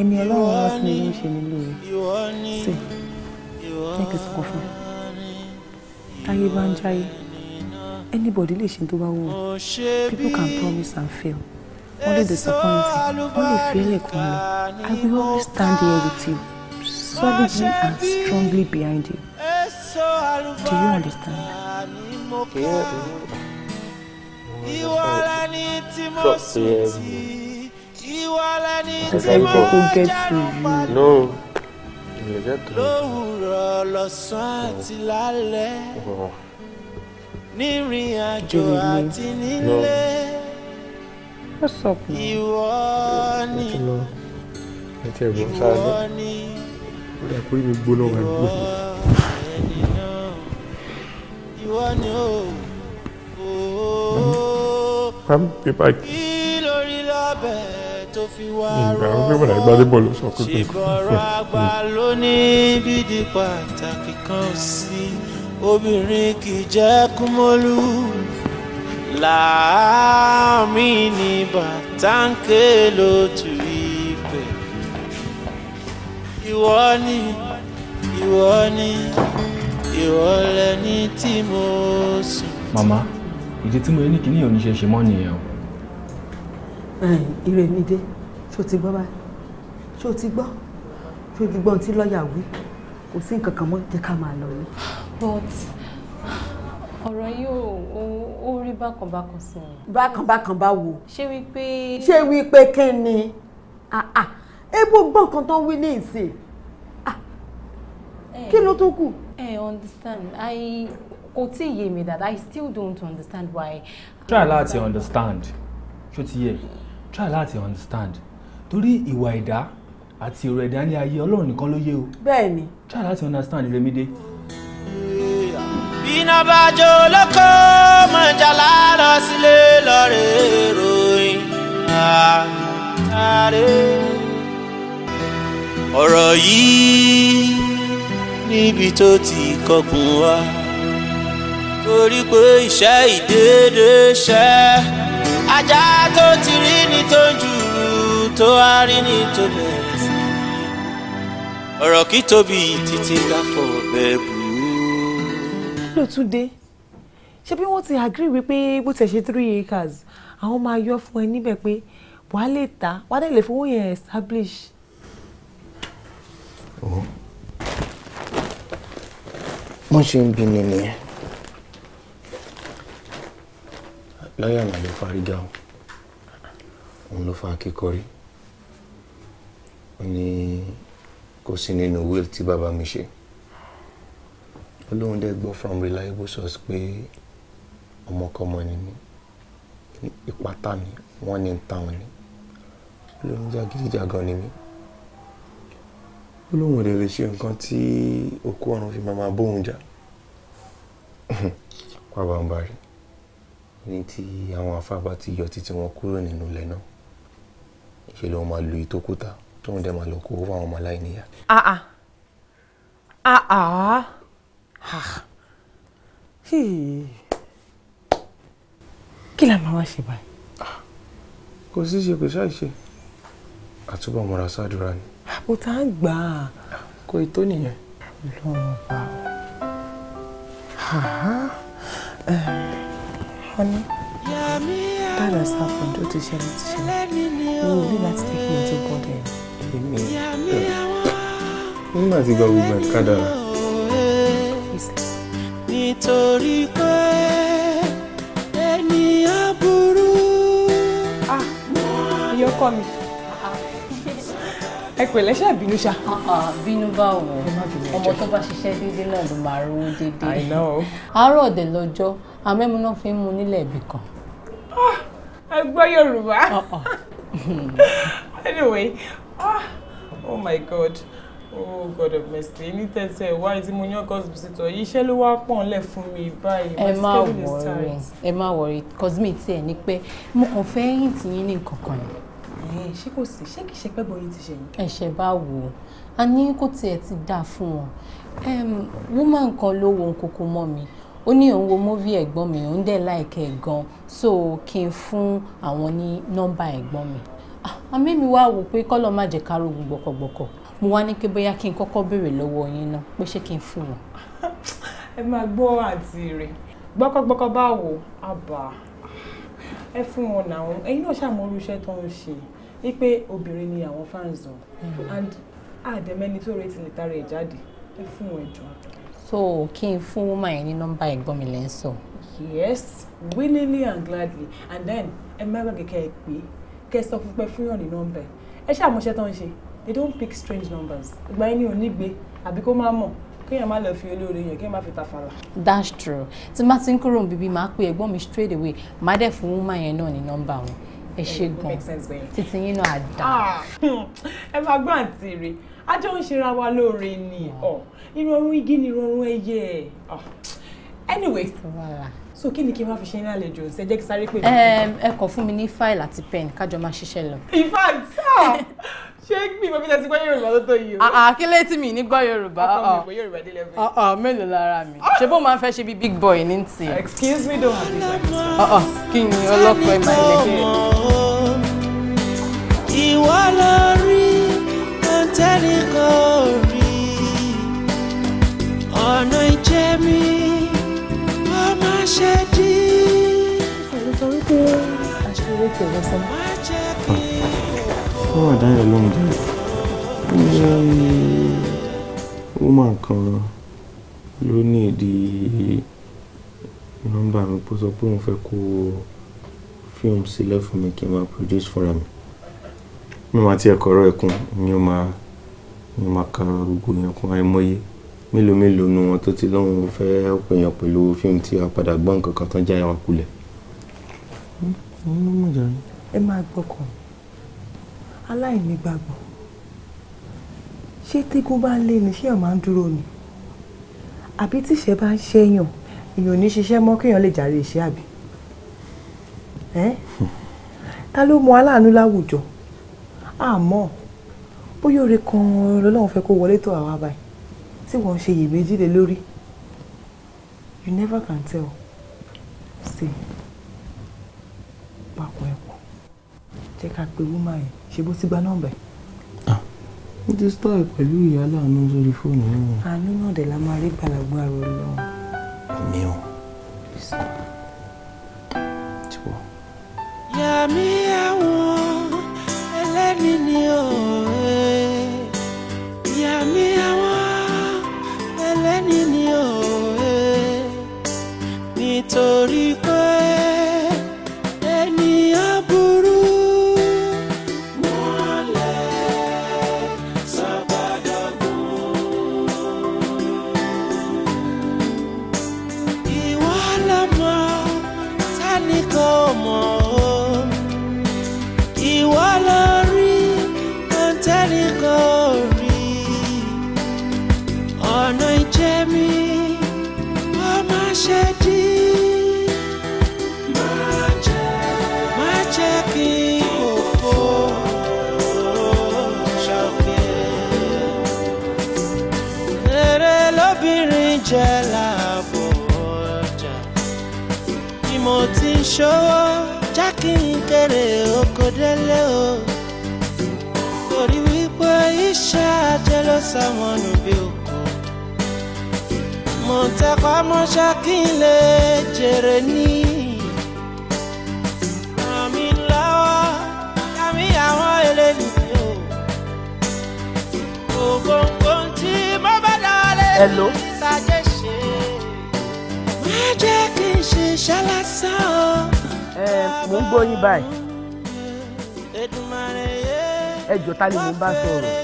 ẹni ọlọ́run wá sí mi ló ń ṣe mí lóore sí ní kí n sọkọ fún ẹ táyé bá ń jáyé anybody lè ṣe tó bá wù ú people can promise and fail wọ́n lè disappoint wọ́n lè fi ẹlẹ́kùn lọ i will always stand here with you solidly and strongly behind you do you understand. Yeah ìwọ lẹni tí mo sùn tì ìwọ lẹni tí mo jẹnu pàdé lówùrọ̀ lọ́sàn-án àti lálẹ́ oh. nírìn àjò àti nílé ìwọ ni ìwọ ni ìwọ ni. come be back. ìgbà wípé wọ́n àgbà dé bọ́ọ̀lù sọ pé ṣùgbọ́n àgbà ló ní obìnrin kì í jẹ́ kúmọ́lú làámi ní bàtàǹkè lótú ìpè ìwọ ni ìwọ ni ìwọ lẹni tí mo sùn. mama ìdí tí mo ní kíní ò ní ṣe ṣe mọ́ nìyẹn o. ire mi dé ṣó ti gbọ́ báyìí ṣó ti gbọ́ ṣó ti gbọ́ ohun tí lọ́ọ̀yà wí kò sí nǹkan kan mọ́ jẹ́ ká máa lọ ni. but ọ̀rọ̀ yìí ò ó rí bákanbákan sí mi. bákanbákan bá wo. ṣé wípé. ṣé wípé kí ni ebo gbọ́n kan wí ní ìsìn kí ló tó kù. ẹ understand i kò tí ì yé mi that I still don't understand why. try um, láti understand ṣó ti yẹ try láti understand torí ìwà ẹ̀dá àti ọ̀rọ̀ ẹ̀dá ní ayé ọlọ́run nìkan ló yé o. bẹ́ẹ̀ni. try láti understand ìrẹ́mídé. iná bá jó lóko mọ̀jàlá lọ sílé lọ́rẹ́ ròyìn àárẹ̀ ọ̀rọ̀ yìí níbi tó ti kọkùn wá torí pé iṣẹ́ ìdédé ṣẹ́ ajá tó ti rí ni tó jù tó á rí ni tó bẹ̀rẹ̀ sí ọ̀rọ̀ kí tóbi títí káfọ̀ bẹ́ẹ̀ bù lótúndé ṣé bí wọ́n ti agree wípé bó ti ṣe three acres àwọn máa yọ fún ẹ níbẹ̀ pé wàá lè ta wàá dẹ̀ lè fowó yẹn establish. wọ́n ṣe ń bí nìyẹn. láyà wà ló fárígá o òun ló fa kíkọrí ó ní kò sí nínú will tí bàbá mi ṣe ó lóun dẹ́ gbọ́ from reliable source pé ọmọkọ́mọ ni mí ìpátá ni wọ́n ní ń ta wọn ni ó lóun jàgídíjàgan ni mí ó lóun ò lè lè ṣe nǹkan tí òkú ọ̀run fi máa bóun jà pàbàǹbarì. (laughs) ní tí àwọn afáfá ti yọ títí wọn kúrò nínú ilẹ̀ náà ìṣẹ̀lẹ̀ wọn máa lu ìtókùtà tóun dẹ̀ máa lọ kó owó àwọn ọmọ aláìníyà. ah ah ah ah ah kí la máa wá ṣe báyìí. Ah. kò sí ṣe kò ṣáà ṣe àtúbọ̀ mọ́ra ṣáàdúrà ni. àbútá ń gbà á. Ah, kò ètò nìyẹn. lọ́wọ́ bá a honey that has happened ó ti ṣẹlẹ̀ ti ṣẹlẹ̀ mi ò ní láti take me to God. èmi nígbà tí gba gbogbo ẹ̀ka dára. nítorí pé ènìyàn burú. ah ìyọkọ mi ẹ pẹ̀lẹ́ ṣáà bínú ṣá. Ah, ah, bínú bá wò ọmọ tó bá ṣiṣẹ́ déédéé náà ló máa rówó déédéé. I know. àárọ̀ ọ̀dẹ̀ lọ́jọ́ amẹ́mu náà fi ń mu nílẹ̀ ibì kan. Ah, ẹ gbọ́ Yorùbá. (laughs) anyway ah, oh my God oh God of mercy ní tẹ̀sẹ̀ wá tí mo yan cos visitor yìí iṣẹ́ ló wá pọ̀ ńlẹ̀ fún mi báyìí. ẹ má wọrí ẹ má wọrí cosmic tiẹ̀ ni pé mo kàn fẹ́ yìntì yín ní nǹkan kan yìí yẹn ṣé kò sí ṣé kìí ṣe pé bóyin ti ṣe yín. ẹ̀ṣẹ̀ bá wò a ní kó tiẹ̀ ti dà fún wọn woman kan ló wo kókó mọ́ mi ó ní òun wo móvì ẹ̀gbọ́n mi òun dẹ̀ láìkẹ́ ẹ̀ gan so kí n fún àwọn ní nọ́mbà ẹ̀gbọ́n mi ah, àmẹ́mi wá wò pé kọ́lọ́ má jẹ́ ká rogun gbọ̀kọ̀gbọ̀kọ̀ mo wá ní pé bóyá kí n kọ́kọ́ béèrè lọ́wọ́ yín náà pé ṣé kí n fún wọn. (laughs) ẹ máa gbọ́ àǹtí rẹ̀ gbọ́kọ̀gbọ́kọ̀ bá wò àbá ẹ fún wọn náà ẹ̀yin náà ṣàmúrú iṣẹ́ tó ń ṣe wípé obìnrin ni àwọn fans wọn hmm. and àdẹ́mẹ́ni tó retí lè tara ẹ̀ jáde ẹ fún wọn jọ. so kí n fún woman yẹn ní nọ́mbà ẹ̀gbọ́n mi lẹ́ ń sọ. yes willingly and gladly and then ẹ mẹ́rọ kẹ̀kẹ́ ẹ pé kẹ́ ẹ sọ pípẹ́ fún yàn ní nọ́mbà ẹ ẹ ṣàmúṣẹ́ tó ń ṣe they don't pick strange numbers ìgbà yẹn ni ò ní gbé àbí kó má mọ̀ kéèyàn má lọ fi olóore yẹn kéèyàn má fi tafara. that's true tí má ti ń kúrò níbi pe ẹ̀gbọ́n mi straight away má dẹ̀ fún woman yẹn náà ní nọ́mbà wọn ẹ ṣe gan títí yín náà dá. Ah, (laughs) ẹ máa gbọ́ àǹtí rè ajọ́ ń ṣera wa lóore ni ìrọ̀rùn igi ni ìrọ̀rùn ẹyẹ ah, anyway so kí ni kí n wá fi ṣe ní àlejò ṣe jẹ́ kí sáré pè mí. ẹ kọ fún mi ní fáìlì àti pen kájọ máa ṣiṣẹ́ lọ. in fact ah, ṣé mi ìmọ̀ mi tẹ̀sí gbọ́ yorùbá tó tó yìí o. àkílẹ̀ ah, ah, mi ní yorùbá. ọkọ mi mélòó lára mi ṣé bó máa fẹ́ ṣe bí big boy ní ti. excuse me don't have to. ọ̀ọ̀ kí ni ọlọ́kọ ẹ̀ máa lè dé. ìwọ ló rí ọ̀tẹ́ni rí ọ̀nà ìjẹ́mi ṣe dí. ṣèlú sọ wípé àṣírí kò lọ sọ. fún àdáyọ̀ ló ń jẹ́ woman kan ló ní èdè nọ́mbà mi pé sọ pé òun fẹ́ kó fíìmù sílẹ̀ fún mi kí n máa produce fúnra mi mi máa tiẹ̀ kọ̀rọ̀ ẹ̀kún mi ò máa ka gbogbo yẹn kún àìmọye mélòó mélòó nu wọn tó ti lóun fẹ́ pèèyàn pẹ̀lú fíìmù tí a padà gbọ́ nǹkan kan tán já ẹwà kulẹ̀. ẹ máa gbọ́kàn aláìnígbàgbọ́ ṣé tíkú bá ń lé ni ṣé ẹ̀ máa ń dúró ni àbí tíṣẹ́ bá ń ṣẹ́yàn èèyàn ò ní ṣiṣẹ́ mọ́ kéèyàn lè jàre iṣẹ́ àbí ta ló mọ aláàánú láwùjọ àmọ́ bóyá oore kan lọ́lọ́run fẹ́ kó wọlé tó àwa báyìí tí wọ́n ṣe iyèméjì lé lórí you never can tell ṣe papọ̀ ẹ̀pọ̀ jẹ́ ká pe woman. yẹn ṣe bó ti gba nọ́mbà ẹ̀. Ah. mo ti stọ́ọ̀ pẹ̀lú ìyá láàánú phone. fóònù yìí. àánú náà dẹ̀ la máa rí gbàlagbà rẹ lọ́wọ́. mi ò. Yàmi. àmọ́ ṣákì lè jèrè ní. àmì lọ́wọ́ àmì àwọn eléyìí o. ògóńgó tí mo bá dáwọ́lé ní ìtajà ṣe. má jẹ́ kí n ṣe ṣálásán. ẹ mò ń gbóyin báyìí. ẹ jọ̀ọ́ ta ni mo bá sọ̀rọ̀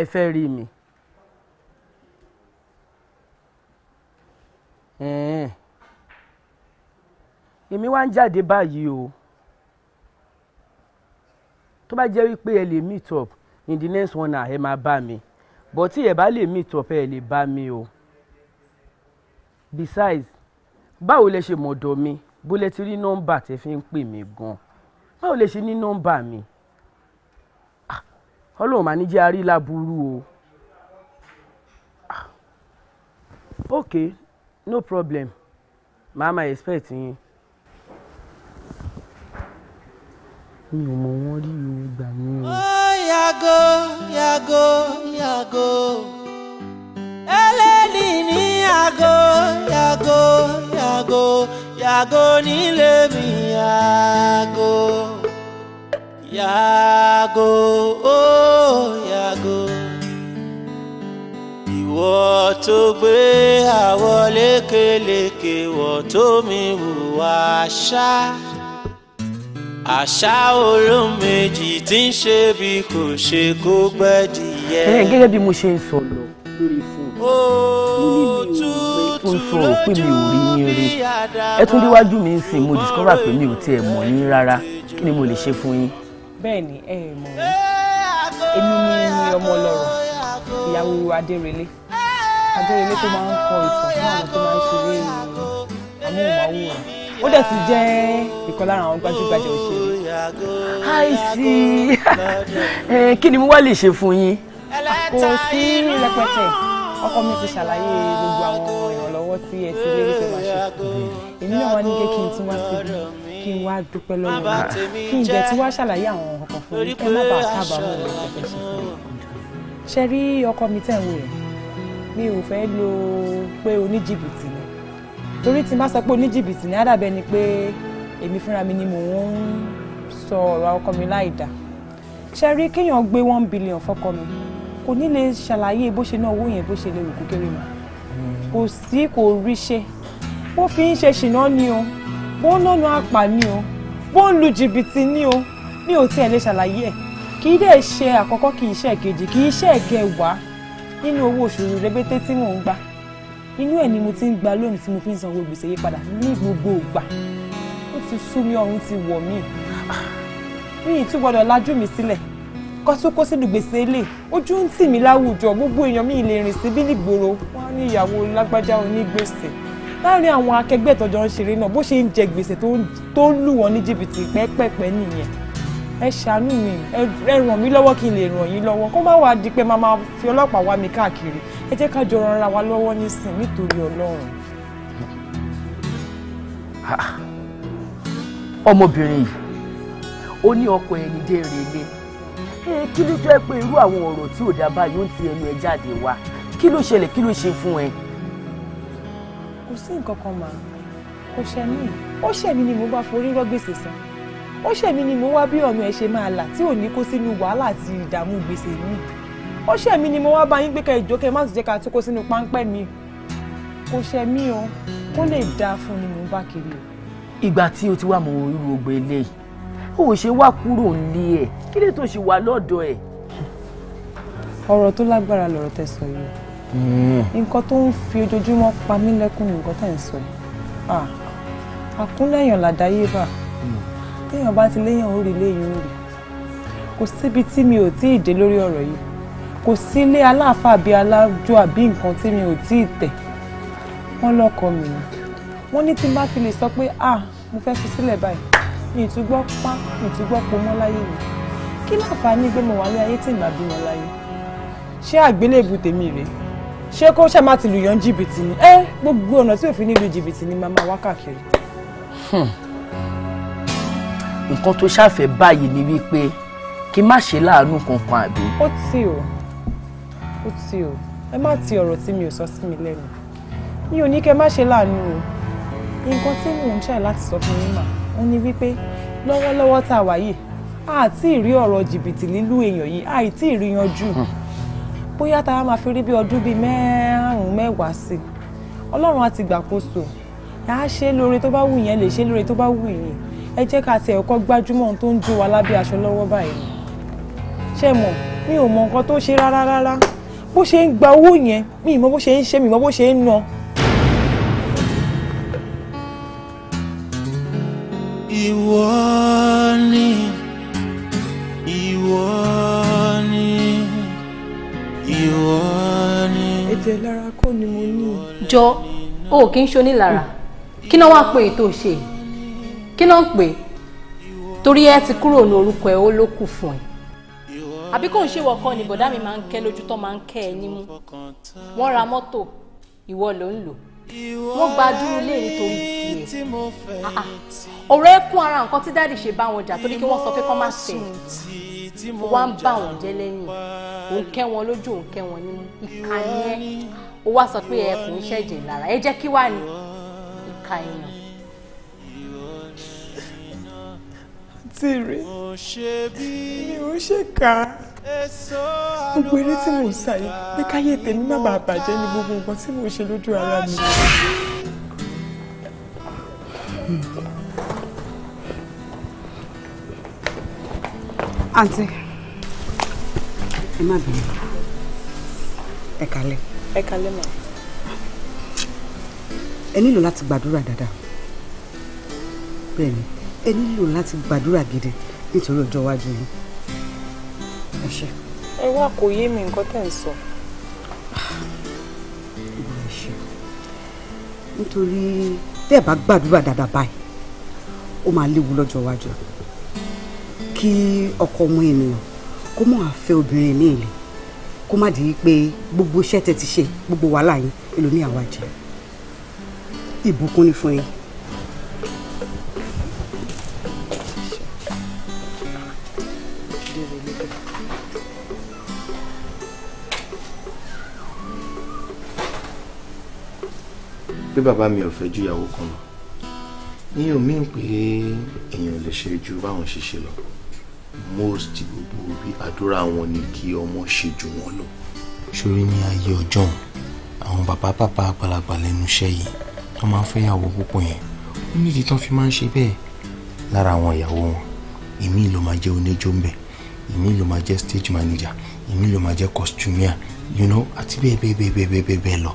ẹ fẹ́ rí mi. èmi wá ń jáde báyìí o tó bá jẹ́ wípé ẹ lè meet up in the next one hour ẹ máa bá mi but tí ẹ bá lè meet up ẹ lè bá mi o besides báwo lẹ ṣe mọ̀dọ̀ mi bó lẹ ti rí nọ́mbà tẹ fi ń pè mí gan báwo lẹ ṣe ní nọ́mbà mi ah, ọlọ́run mà ní jẹ́ arí láburú o ah, ok no problem màá máa expect yín mi ò mọ wọn rí o gbà mí o. ó oh, yàgò yàgò yàgò ẹlẹ́ni ní yàgò yàgò yàgò yàgò nílé mi yàgò yàgò ó yàgò ìwọ tó gbé àwọ̀ lékeleke wọ̀ tó mi wù wá ṣáá àṣà olómejì tí ń ṣe bí kò ṣe kó gbẹ́dìyẹ. ẹ gẹ́gẹ́ bí mo ṣe ń sọ lọ lórí fóònù mo ní mi ò pé tó ń sọ̀rọ̀ pé mi ò rí yín rí ẹ tún déwájú mi ń sìn mo discover pé mi ò tiẹ̀ mọ̀ yín rárá kí ni mo lè ṣe fún yín. bẹ́ẹ̀ni ẹ ẹ mọ̀ èmi ni ọmọ lọ́rọ̀ ìyàwó adérelé adérelé tó máa ń kọ ìtàn fún àwọn tó máa ń ṣeré amóhùnmáwòrán ó dẹ̀ ti jẹ́ ìkan lára àwọn gbajúgbajà òṣèré. àìsí (laughs) eh, kí ni mo wá lè ṣe fún yín. kò sí rẹpẹtẹ ọkọ mi ti ṣàlàyé gbogbo àwọn ìrànlọ́wọ́ tí ẹ ti lérí pé máa ṣe fún mi èmi náà wá ní pé kí n tún wá síbi kí n wá dúpẹ́ lọ́wọ́ kí n jẹ́ tí wá ṣàlàyé àwọn ọkọ̀ fún mi kẹ́ má bàa kábàámọ̀ rẹ̀ ṣe fún mi. ṣe rí ọkọ mi tẹ̀ mi ò fẹ́ lo pé oníjìbìtì ni torí tí n bá sọ pé oníjìbìtì ní àdàbẹ ni pé èmi fúnra mi ni mò ń sọ ọ̀rọ̀ ọkọ mi láì dá ṣe rí kéèyàn gbé one billion fọ́kọ mi kò ní lè ṣàlàyé bó ṣe ná owó yẹn bó ṣe lè rò kó kéré mọ́ kò sí kò rí ṣe bó fi ń ṣe ṣìnà ni o bó ń nánu àpà ni o bó ń lu jìbìtì ni o mi ò tiẹ̀ lè ṣàlàyé ẹ̀ kì í dẹ̀ ṣe àkọ́kọ́ kì í ṣe èkejì kì í ṣe ẹ̀kẹwàá nínú owó oṣù rẹ̀bẹ̀tẹ̀ tí mò ń gbà inú ẹ̀ ni mo ti ń gba lónìí tí mo fi ń sanwó gbèsè yí padà ní gbogbo ìgbà ó ti sú mi ọ̀run ti wọ̀ mí mi ì tún gbọ́dọ̀ lajú mi sílẹ̀ kọ́ tó kó sínú gbèsè ilé ojú ń tì mí láwùjọ gbogbo èèyàn mi lè rìn síbí nígboro wọn á ní ìyàwó lágbájá onígbèsè láàárín àwọn akẹgbẹ́ ìtọ́jọ́ ń ṣeré náà bó ṣe ń jẹ gbèsè tó ń lù wọ́n ní jìbìtì pẹ́pẹ́pẹ́ nìyẹn ẹ ṣàánú mi ẹ ràn mí lọ́wọ́ kí n lè ràn yín lọ́wọ́ kó má wàá di pé máa fi ọlọ́pàá wá mi káàkiri ẹ jẹ́ ká jọ ran ara wa lọ́wọ́ nísìn nítorí ọlọ́run. ọmọbìnrin yìí ó ní ọkọ ẹni dé relé kí ló jẹ́ pé irú àwọn ọ̀rọ̀ tí ò dá báyìí ó ń ti ẹnu ẹ jáde wá kí ló ṣẹlẹ̀ kí ló ṣe fún ẹ. kò sí nǹkan kan mà ó ṣe mí ó ṣe mí ni mo bá forí rọ́ gbèsè ó ṣèmi ni mo wá bí ọ̀nà ẹ̀ ṣe máa là tí ò ní kó sínú wàhálà àti ìdààmú gbèsè mi ó ṣèmi ni mo wá bá yín pé ká ìjókè má sì jẹ́ ká tó kó sínú páńpẹ́ mi kò ṣe mí o kó lè dáa fún ni mo bá kiri o. ìgbà tí o ti wá mọ irú ogbe eléyìí o ò ṣe wá kúrò nílé ẹ kí lè tó ṣe wà lọ́dọ̀ ẹ. ọ̀rọ̀ tó lágbára lọ̀rọ̀ tẹ́ sọ yìí hmm. nǹkan tó ń fi ojoojúmọ́ pa mí lẹ́kùn nǹkan tẹ́ ń sọ àkúnlẹ̀yàn làdáyébà. Mm téèyàn bá ti léyàn ó rí léyìn ó rí kò síbi tí mi ò tí ì dé lórí ọ̀rọ̀ yìí kò sí ilé aláàfáà bíi alájọ àbí nǹkan tí mi ò tí ì tẹ̀ wọ́n lọ́kọ mi ni wọ́n ní tí n bá fi lè sọ pé ah mo fẹ́ fi sílẹ̀ báyìí mi ì tún gbọ́ pa mi ì tún gbọ́ pomọ́ láyé mi kí láǹfààní gbé mo wà ní ayé tí ìgbà bímọ láyé ṣé àgbélébù tèmi rèé ṣé kó ṣe máa ti lùyàn jìbìtì ni ẹ gbogbo ọ̀nà tí òfin nílùú jìbìtì ni màmá wákàkiri. Hmm nǹkan tó ṣàfẹ́ báyìí ni wípé kí n má ṣe láàánú kankan àbí. ó ti o ó ti o ẹ má ti ọ̀rọ̀ tí mi ò sọ sí mi lẹ́nu mi ò ní kẹ́ má ṣe láàánú o nǹkan tí mò ń ṣàì láti sọ fún yín mà ó ní wípé lọ́wọ́lọ́wọ́ tá a wà yìí a ti rí ọ̀rọ̀ jìbìtì lílù èèyàn yìí a ti rí yanjú hmm. bóyá tá a máa fi rí bí ọdún bíi mẹ́rùn-ún mẹ́wàá sí i ọlọ́run á ti gbàkóso àá ṣe lóore tó bá wù yẹn lè ṣe lóore tó bá wù yẹn ẹ jẹ́ ká tiẹ̀ kọ́ gbájúmọ́ ohun tó ń jó wa lábẹ́ aṣọ lọ́wọ́ báyìí ṣé mọ̀ mi ò mọ nǹkan tó ṣe rárá rárá bó ṣe ń gba owó yẹn mi mọ bó ṣe ń ṣe mi mọ bó ṣe ń ná. ìwọ ni ìwọ ni ìwọ ni. ẹ̀jẹ̀ lára kọ́ ni mo ní. jọ o kì í ṣonílára kí náà wàá pè é tó yìí kí ló ń pè torí ẹ ti kúrò ní orúkọ ẹ ó ló kù fún ẹ. àbí kò ń ṣe ìwọ kan ni bọ̀dá mi máa ń kẹ́ lójú tó máa ń kẹ́ ẹ nímú wọ́n ra mọ́tò ìwọ ló ń lò wọ́n gba dúró lé e nítorí tiẹ̀ ah, ah. ọ̀rọ̀ ẹ kún ara nǹkan tí dáàdì ṣe bá wọn jà torí kí wọ́n sọ pé kọ́ má fẹ́ wá ń bà wọ́n jẹ́ lẹ́yìn òun kẹ́ wọn lójú òun kẹ́ wọn nímú ìkà yẹn ó wá sọ pé ẹ kò ń ṣẹ̀jẹ̀ lára ẹ jẹ́ kí wà ní ìkà tí rí mi ò ṣe kà á gbogbo eré tí mò ń ṣàyè pé káyé tèmi má bàa bàjẹ́ ni gbogbo nǹkan tí mò ṣe lójú ara mi. àǹtí ẹ má bínú ẹ kálẹ́. ẹ kálẹ́ mọ́. ẹ nílò láti gbàdúrà dáadáa bẹ́ẹ̀ ni ẹ nílò láti gbàdúrà gidi nítorí ọjọ́ iwájú yìí. ẹ ṣe. ẹ wá kò yé mi nǹkan tẹ̀ ń sọ. ìgbà ẹ ṣe nítorí tẹ́ ẹ bá gbàdúrà dáadáa báyìí ó máa léwu lọ́jọ́ iwájú kí ọkọ ọmọ ènìyàn kó mọ̀ àfẹ́ obìnrin ní ilé kó má di pé gbogbo iṣẹ́ tẹ́ ti ṣe gbogbo wàhálà yín èlò ní àwàjẹ́ ìbùkún ni fún yín. pé bàbá mi ò fẹ́ ju ìyàwó kan lọ ní omi ń pè èèyàn lè ṣe ju báwọn ṣe ṣe lọ most gbogbo òbí àdúrà wọn ni kí ọmọ ṣe ju wọn lọ. ṣorí ní ayé ọjọ́ àwọn bàbá bàbá àgbàlagbà lẹ́nu iṣẹ́ yìí tó máa ń fẹ́yàwó púpọ̀ yẹn ó nídìí tán fi máa ń ṣe bẹ́ẹ̀ lára àwọn ìyàwó wọn èmi ló máa jẹ́ oníjó ń bẹ̀ èmi ló máa jẹ́ stage manager èmi ló máa jẹ́ costumier you know àti bẹ́ẹ̀ bẹ́ẹ̀ bẹ́ẹ̀ bẹ́ẹ̀ bẹ́ẹ̀ lọ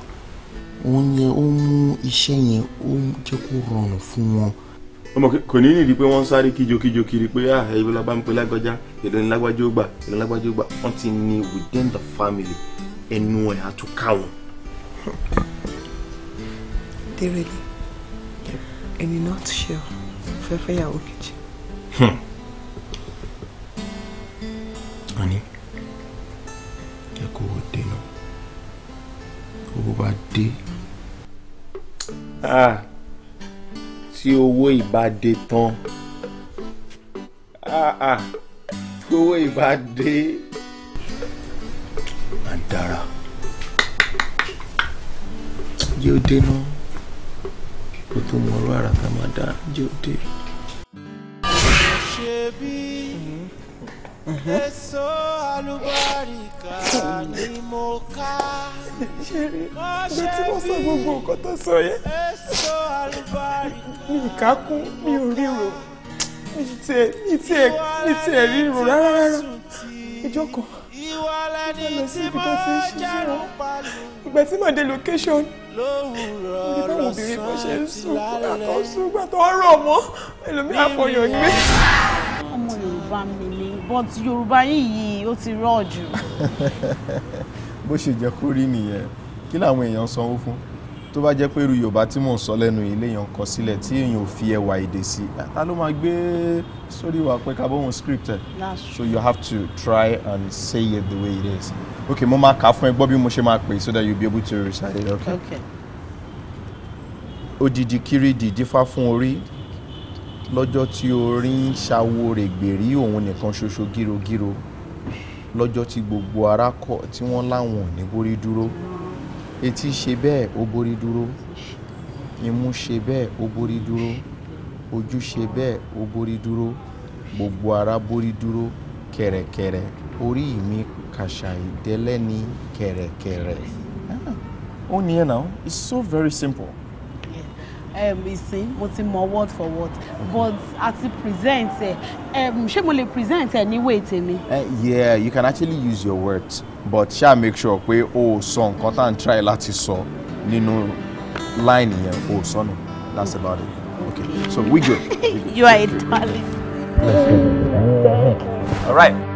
òun yẹn ó mú iṣẹ́ yẹn ó jẹ́ kó rọrùn fún wọn. ọmọ kò ní nìdí pé wọ́n sáré kíjokíjo kiri pé ah ibi la bá mi lágbájá èdè ní ó gbà èdè ní ó gbà wọ́n ti ní within the family ẹnu ẹ̀ á tún ká wọn. dèrèlè ẹni náà ti ṣe fẹ́fẹ́ yàwó kejì. Hmm. àní ẹ kò wọ́n dé náà owó bá dé. Ah, tí owó ìbá dé tán ah, ah, tí owó ìbá dé má dára jẹ́ ó dé náà kó tó mọ ọ̀rọ̀ àràkà má dá jẹ́ ó dé. ṣebí. Mm-hmm. Uh-huh. èso àlùbáríkà ni mo ká. ṣeré ló tí wọ́n sọ gbogbo nǹkan tó sọ yẹn. èso àlùbáríkà. mi ì kákún mi ò ríro mi ti ẹ mi ti ẹ mi ti ẹ ríro rárá rárá ìjọ kan mo lọ sí ibi tó ti ń ṣiṣẹ́ rẹ ìgbà tí màá dé location ìdí báwọn obìnrin kan ṣe ń sùn gbàtọ́ sùn gbàtọ́ ọ̀rọ̀ mọ́ ẹlòmíràn fọyọ̀ gbé. ọmọ Yorùbá mi ni but yorùbá yín yìí ó ti rọ̀ jù. (laughs) bó ṣe jẹ́ kó rí nìyẹn kí làwọn èèyàn sanwó fún tó bá jẹ́ pé irú yorùbá tí mò ń sọ lẹ́nu ilé yẹn kọ sílẹ̀ tí èèyàn ò fi ẹwà èdè sí ta ló máa gbé sórí ìwà pé kábọ̀hún script ẹ̀ so you have to try and say it the way it is okay mo máa kà á fún ẹ gbọ́ bí mo ṣe máa pè so that you be able to recite it okay. okay. odidi kiridi dífá fún orí lọ́jọ́ tí orí ń ṣàwo règbèrí òun nìkan ṣoṣo gírogíro lọ́jọ́ tí gbogbo ara kọ̀ tí wọ́n láwọn ò ní borí dúró etí ṣe bẹ́ẹ̀ ó borí dúró imú ṣe bẹ́ẹ̀ ó borí dúró ojú ṣe bẹ́ẹ̀ ó borí dúró gbogbo ara borí dúró kẹ̀rẹ̀kẹ̀rẹ̀ orí mi kàṣà ìdẹ́lẹ́ni kẹ̀rẹ̀kẹ̀rẹ̀. ó ní náà it's so very simple um, ìsìn mo ti mọ word for word but àti present ẹ um, ṣé mo lè present ẹ ní way tèmi. Eh, yeah you can actually use your words but ṣáà make sure pé o ò sọ nǹkan tá à ń try láti sọ nínú line yẹn o ò sọnù that's about it okay so we go. (laughs) you are a darling. All right.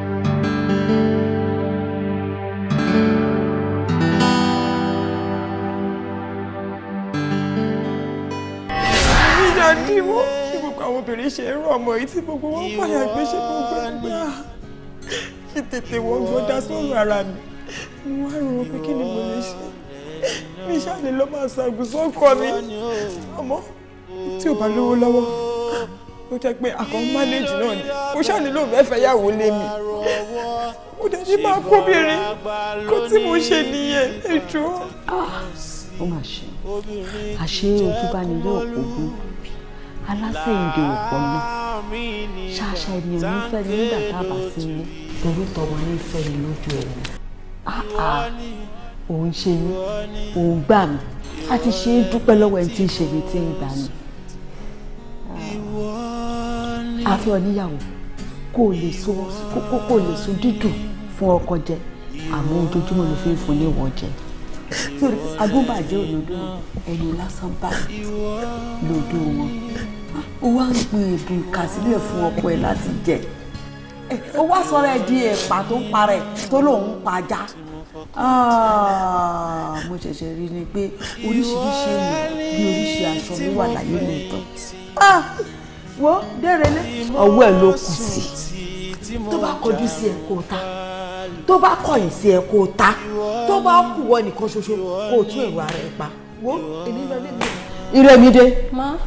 obìnrin ṣe ń rọ̀ ọmọ yìí tí gbogbo wọn fàyà gbé ṣe gbogbo ẹgbẹ́ kí tètè wọ́n gbọ́ dá sóòrùn ara mi mo wá rò ó pé kí ni mo lè ṣe mi ṣáàlè lọ́ máa ṣàgùn sọ́kọ mi ọmọ tí ò bá lówó lọ́wọ́ ó jẹ́ pé àkàn mánéjì náà ni mo ṣáàlè lóun fẹ́ fẹ́ yàwó lé mi mo dẹ̀ ní máa kóbìnrin kó tí mo ṣe nìyẹn ẹjọ́. Ah, ó mà ṣe àṣé ojú bá nílé òkú gún aláṣẹ̀yìndò òpónà ṣàṣà èmi ò ní fẹ́ ní nígbà tá a bá sí ní torí tọmọ ní fẹ́ ní lójú ẹ̀mí ah, ah. òun ṣe mí òun gbà mí a ti ṣe é dúpẹ́ lọ́wọ́ ẹni tí ń ṣe mí tí ń gbà mí afẹ́ ah. oníyàwó kò lè so kò lè so dídùn fún ọkọ jẹ àmọ́ ojoojúmọ́ ló fi ń fún ní ìwọ jẹ agúnbàjẹ́ òdodo ẹni lásán bá lòdó wọn ó wá ń pin ètò ìkàsílẹ̀ fún ọkọ ẹ̀ láti jẹ ó wá sọ̀rọ̀ ẹ̀ di ẹ̀pà tó ń parẹ́ tó lòun pa ajá ah, mo ṣẹ̀ṣẹ̀ rí ni pé oríṣiríṣi ènìyàn bí oríṣi aṣọ ló wà láyé lóòótọ́ ah, wo dérelé ọwọ́ ẹ̀ ló kù sí tó bá kọjú sí ẹ̀ kó ta tó bá kọ̀yìn sí ẹ̀ kó ta tó bá kù wọ́n nìkan ṣoṣo kó tún èrò ara ẹ̀ pa wo èmi lọ lé mi. Ìrèmídé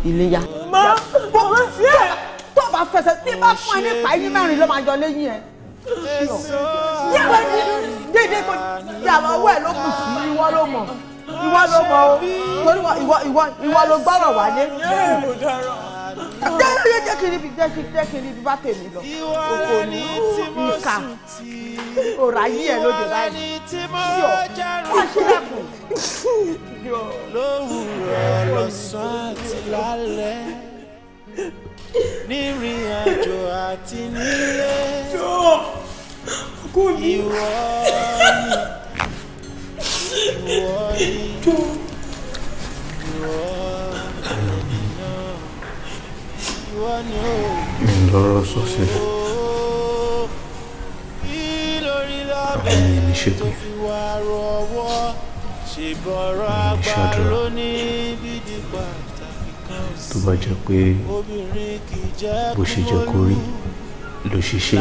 ìléyà. mo mo fi ẹ tó bá fẹsẹ̀ tí bá fún ẹ ní pàyín mẹ́rin ló máa jọ lẹ́yìn ẹ. yẹ́wọ́ dídé tó yàrá owó ẹ̀ ló kù sí ìwọ ló mọ̀ ìwọ ló mọ̀ o torí ìwọ ló gbọ́rọ̀ wálé jẹ́ jẹ́ kí n ríbi jẹ́ kí jẹ́ kí n bá tèmi lọ òkò ní ìka òrà yí ẹ̀ lóde báyìí yọ wọ́n ṣe lẹ́kùn yọ. lówùrọ̀ lọ́sàn-án àti lálẹ́ nírìn àjò àti nílé ìwọ ni ìwọ ni ìwọ ni. mi lọ́rọ̀ sọ sí àwọn ènìyàn ṣègbè ní ṣàdúrà tó bá jẹ́ pé bó ṣe jẹ́ kó rí ló ṣe ṣe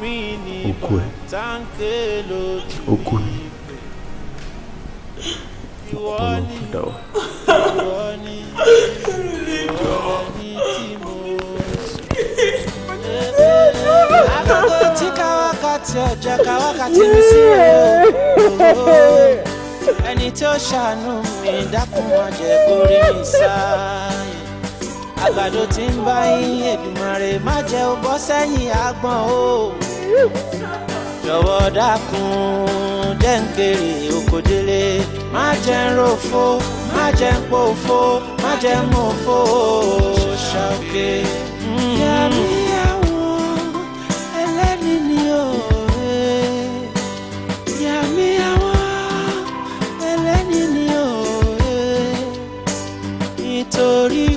yìí okú ẹ̀ okú ni ọ̀pọ̀lọpọ̀ tó dá wa. agogo tí ká wákàtí ọjà ká wákàtí mi ẹni tí ó ṣàánú mi dákun má jẹ́ kó rí mi sá àgbàdo tí ń bá yín Èdùmàrè má jẹ́ ó bọ́ sẹ́yìn àgbọn o jọ̀wọ́ dákun jẹ́ ń má jẹ́ ń ròfo má jẹ́ ń pòfo má jẹ́ ń mòfo ṣàkè You.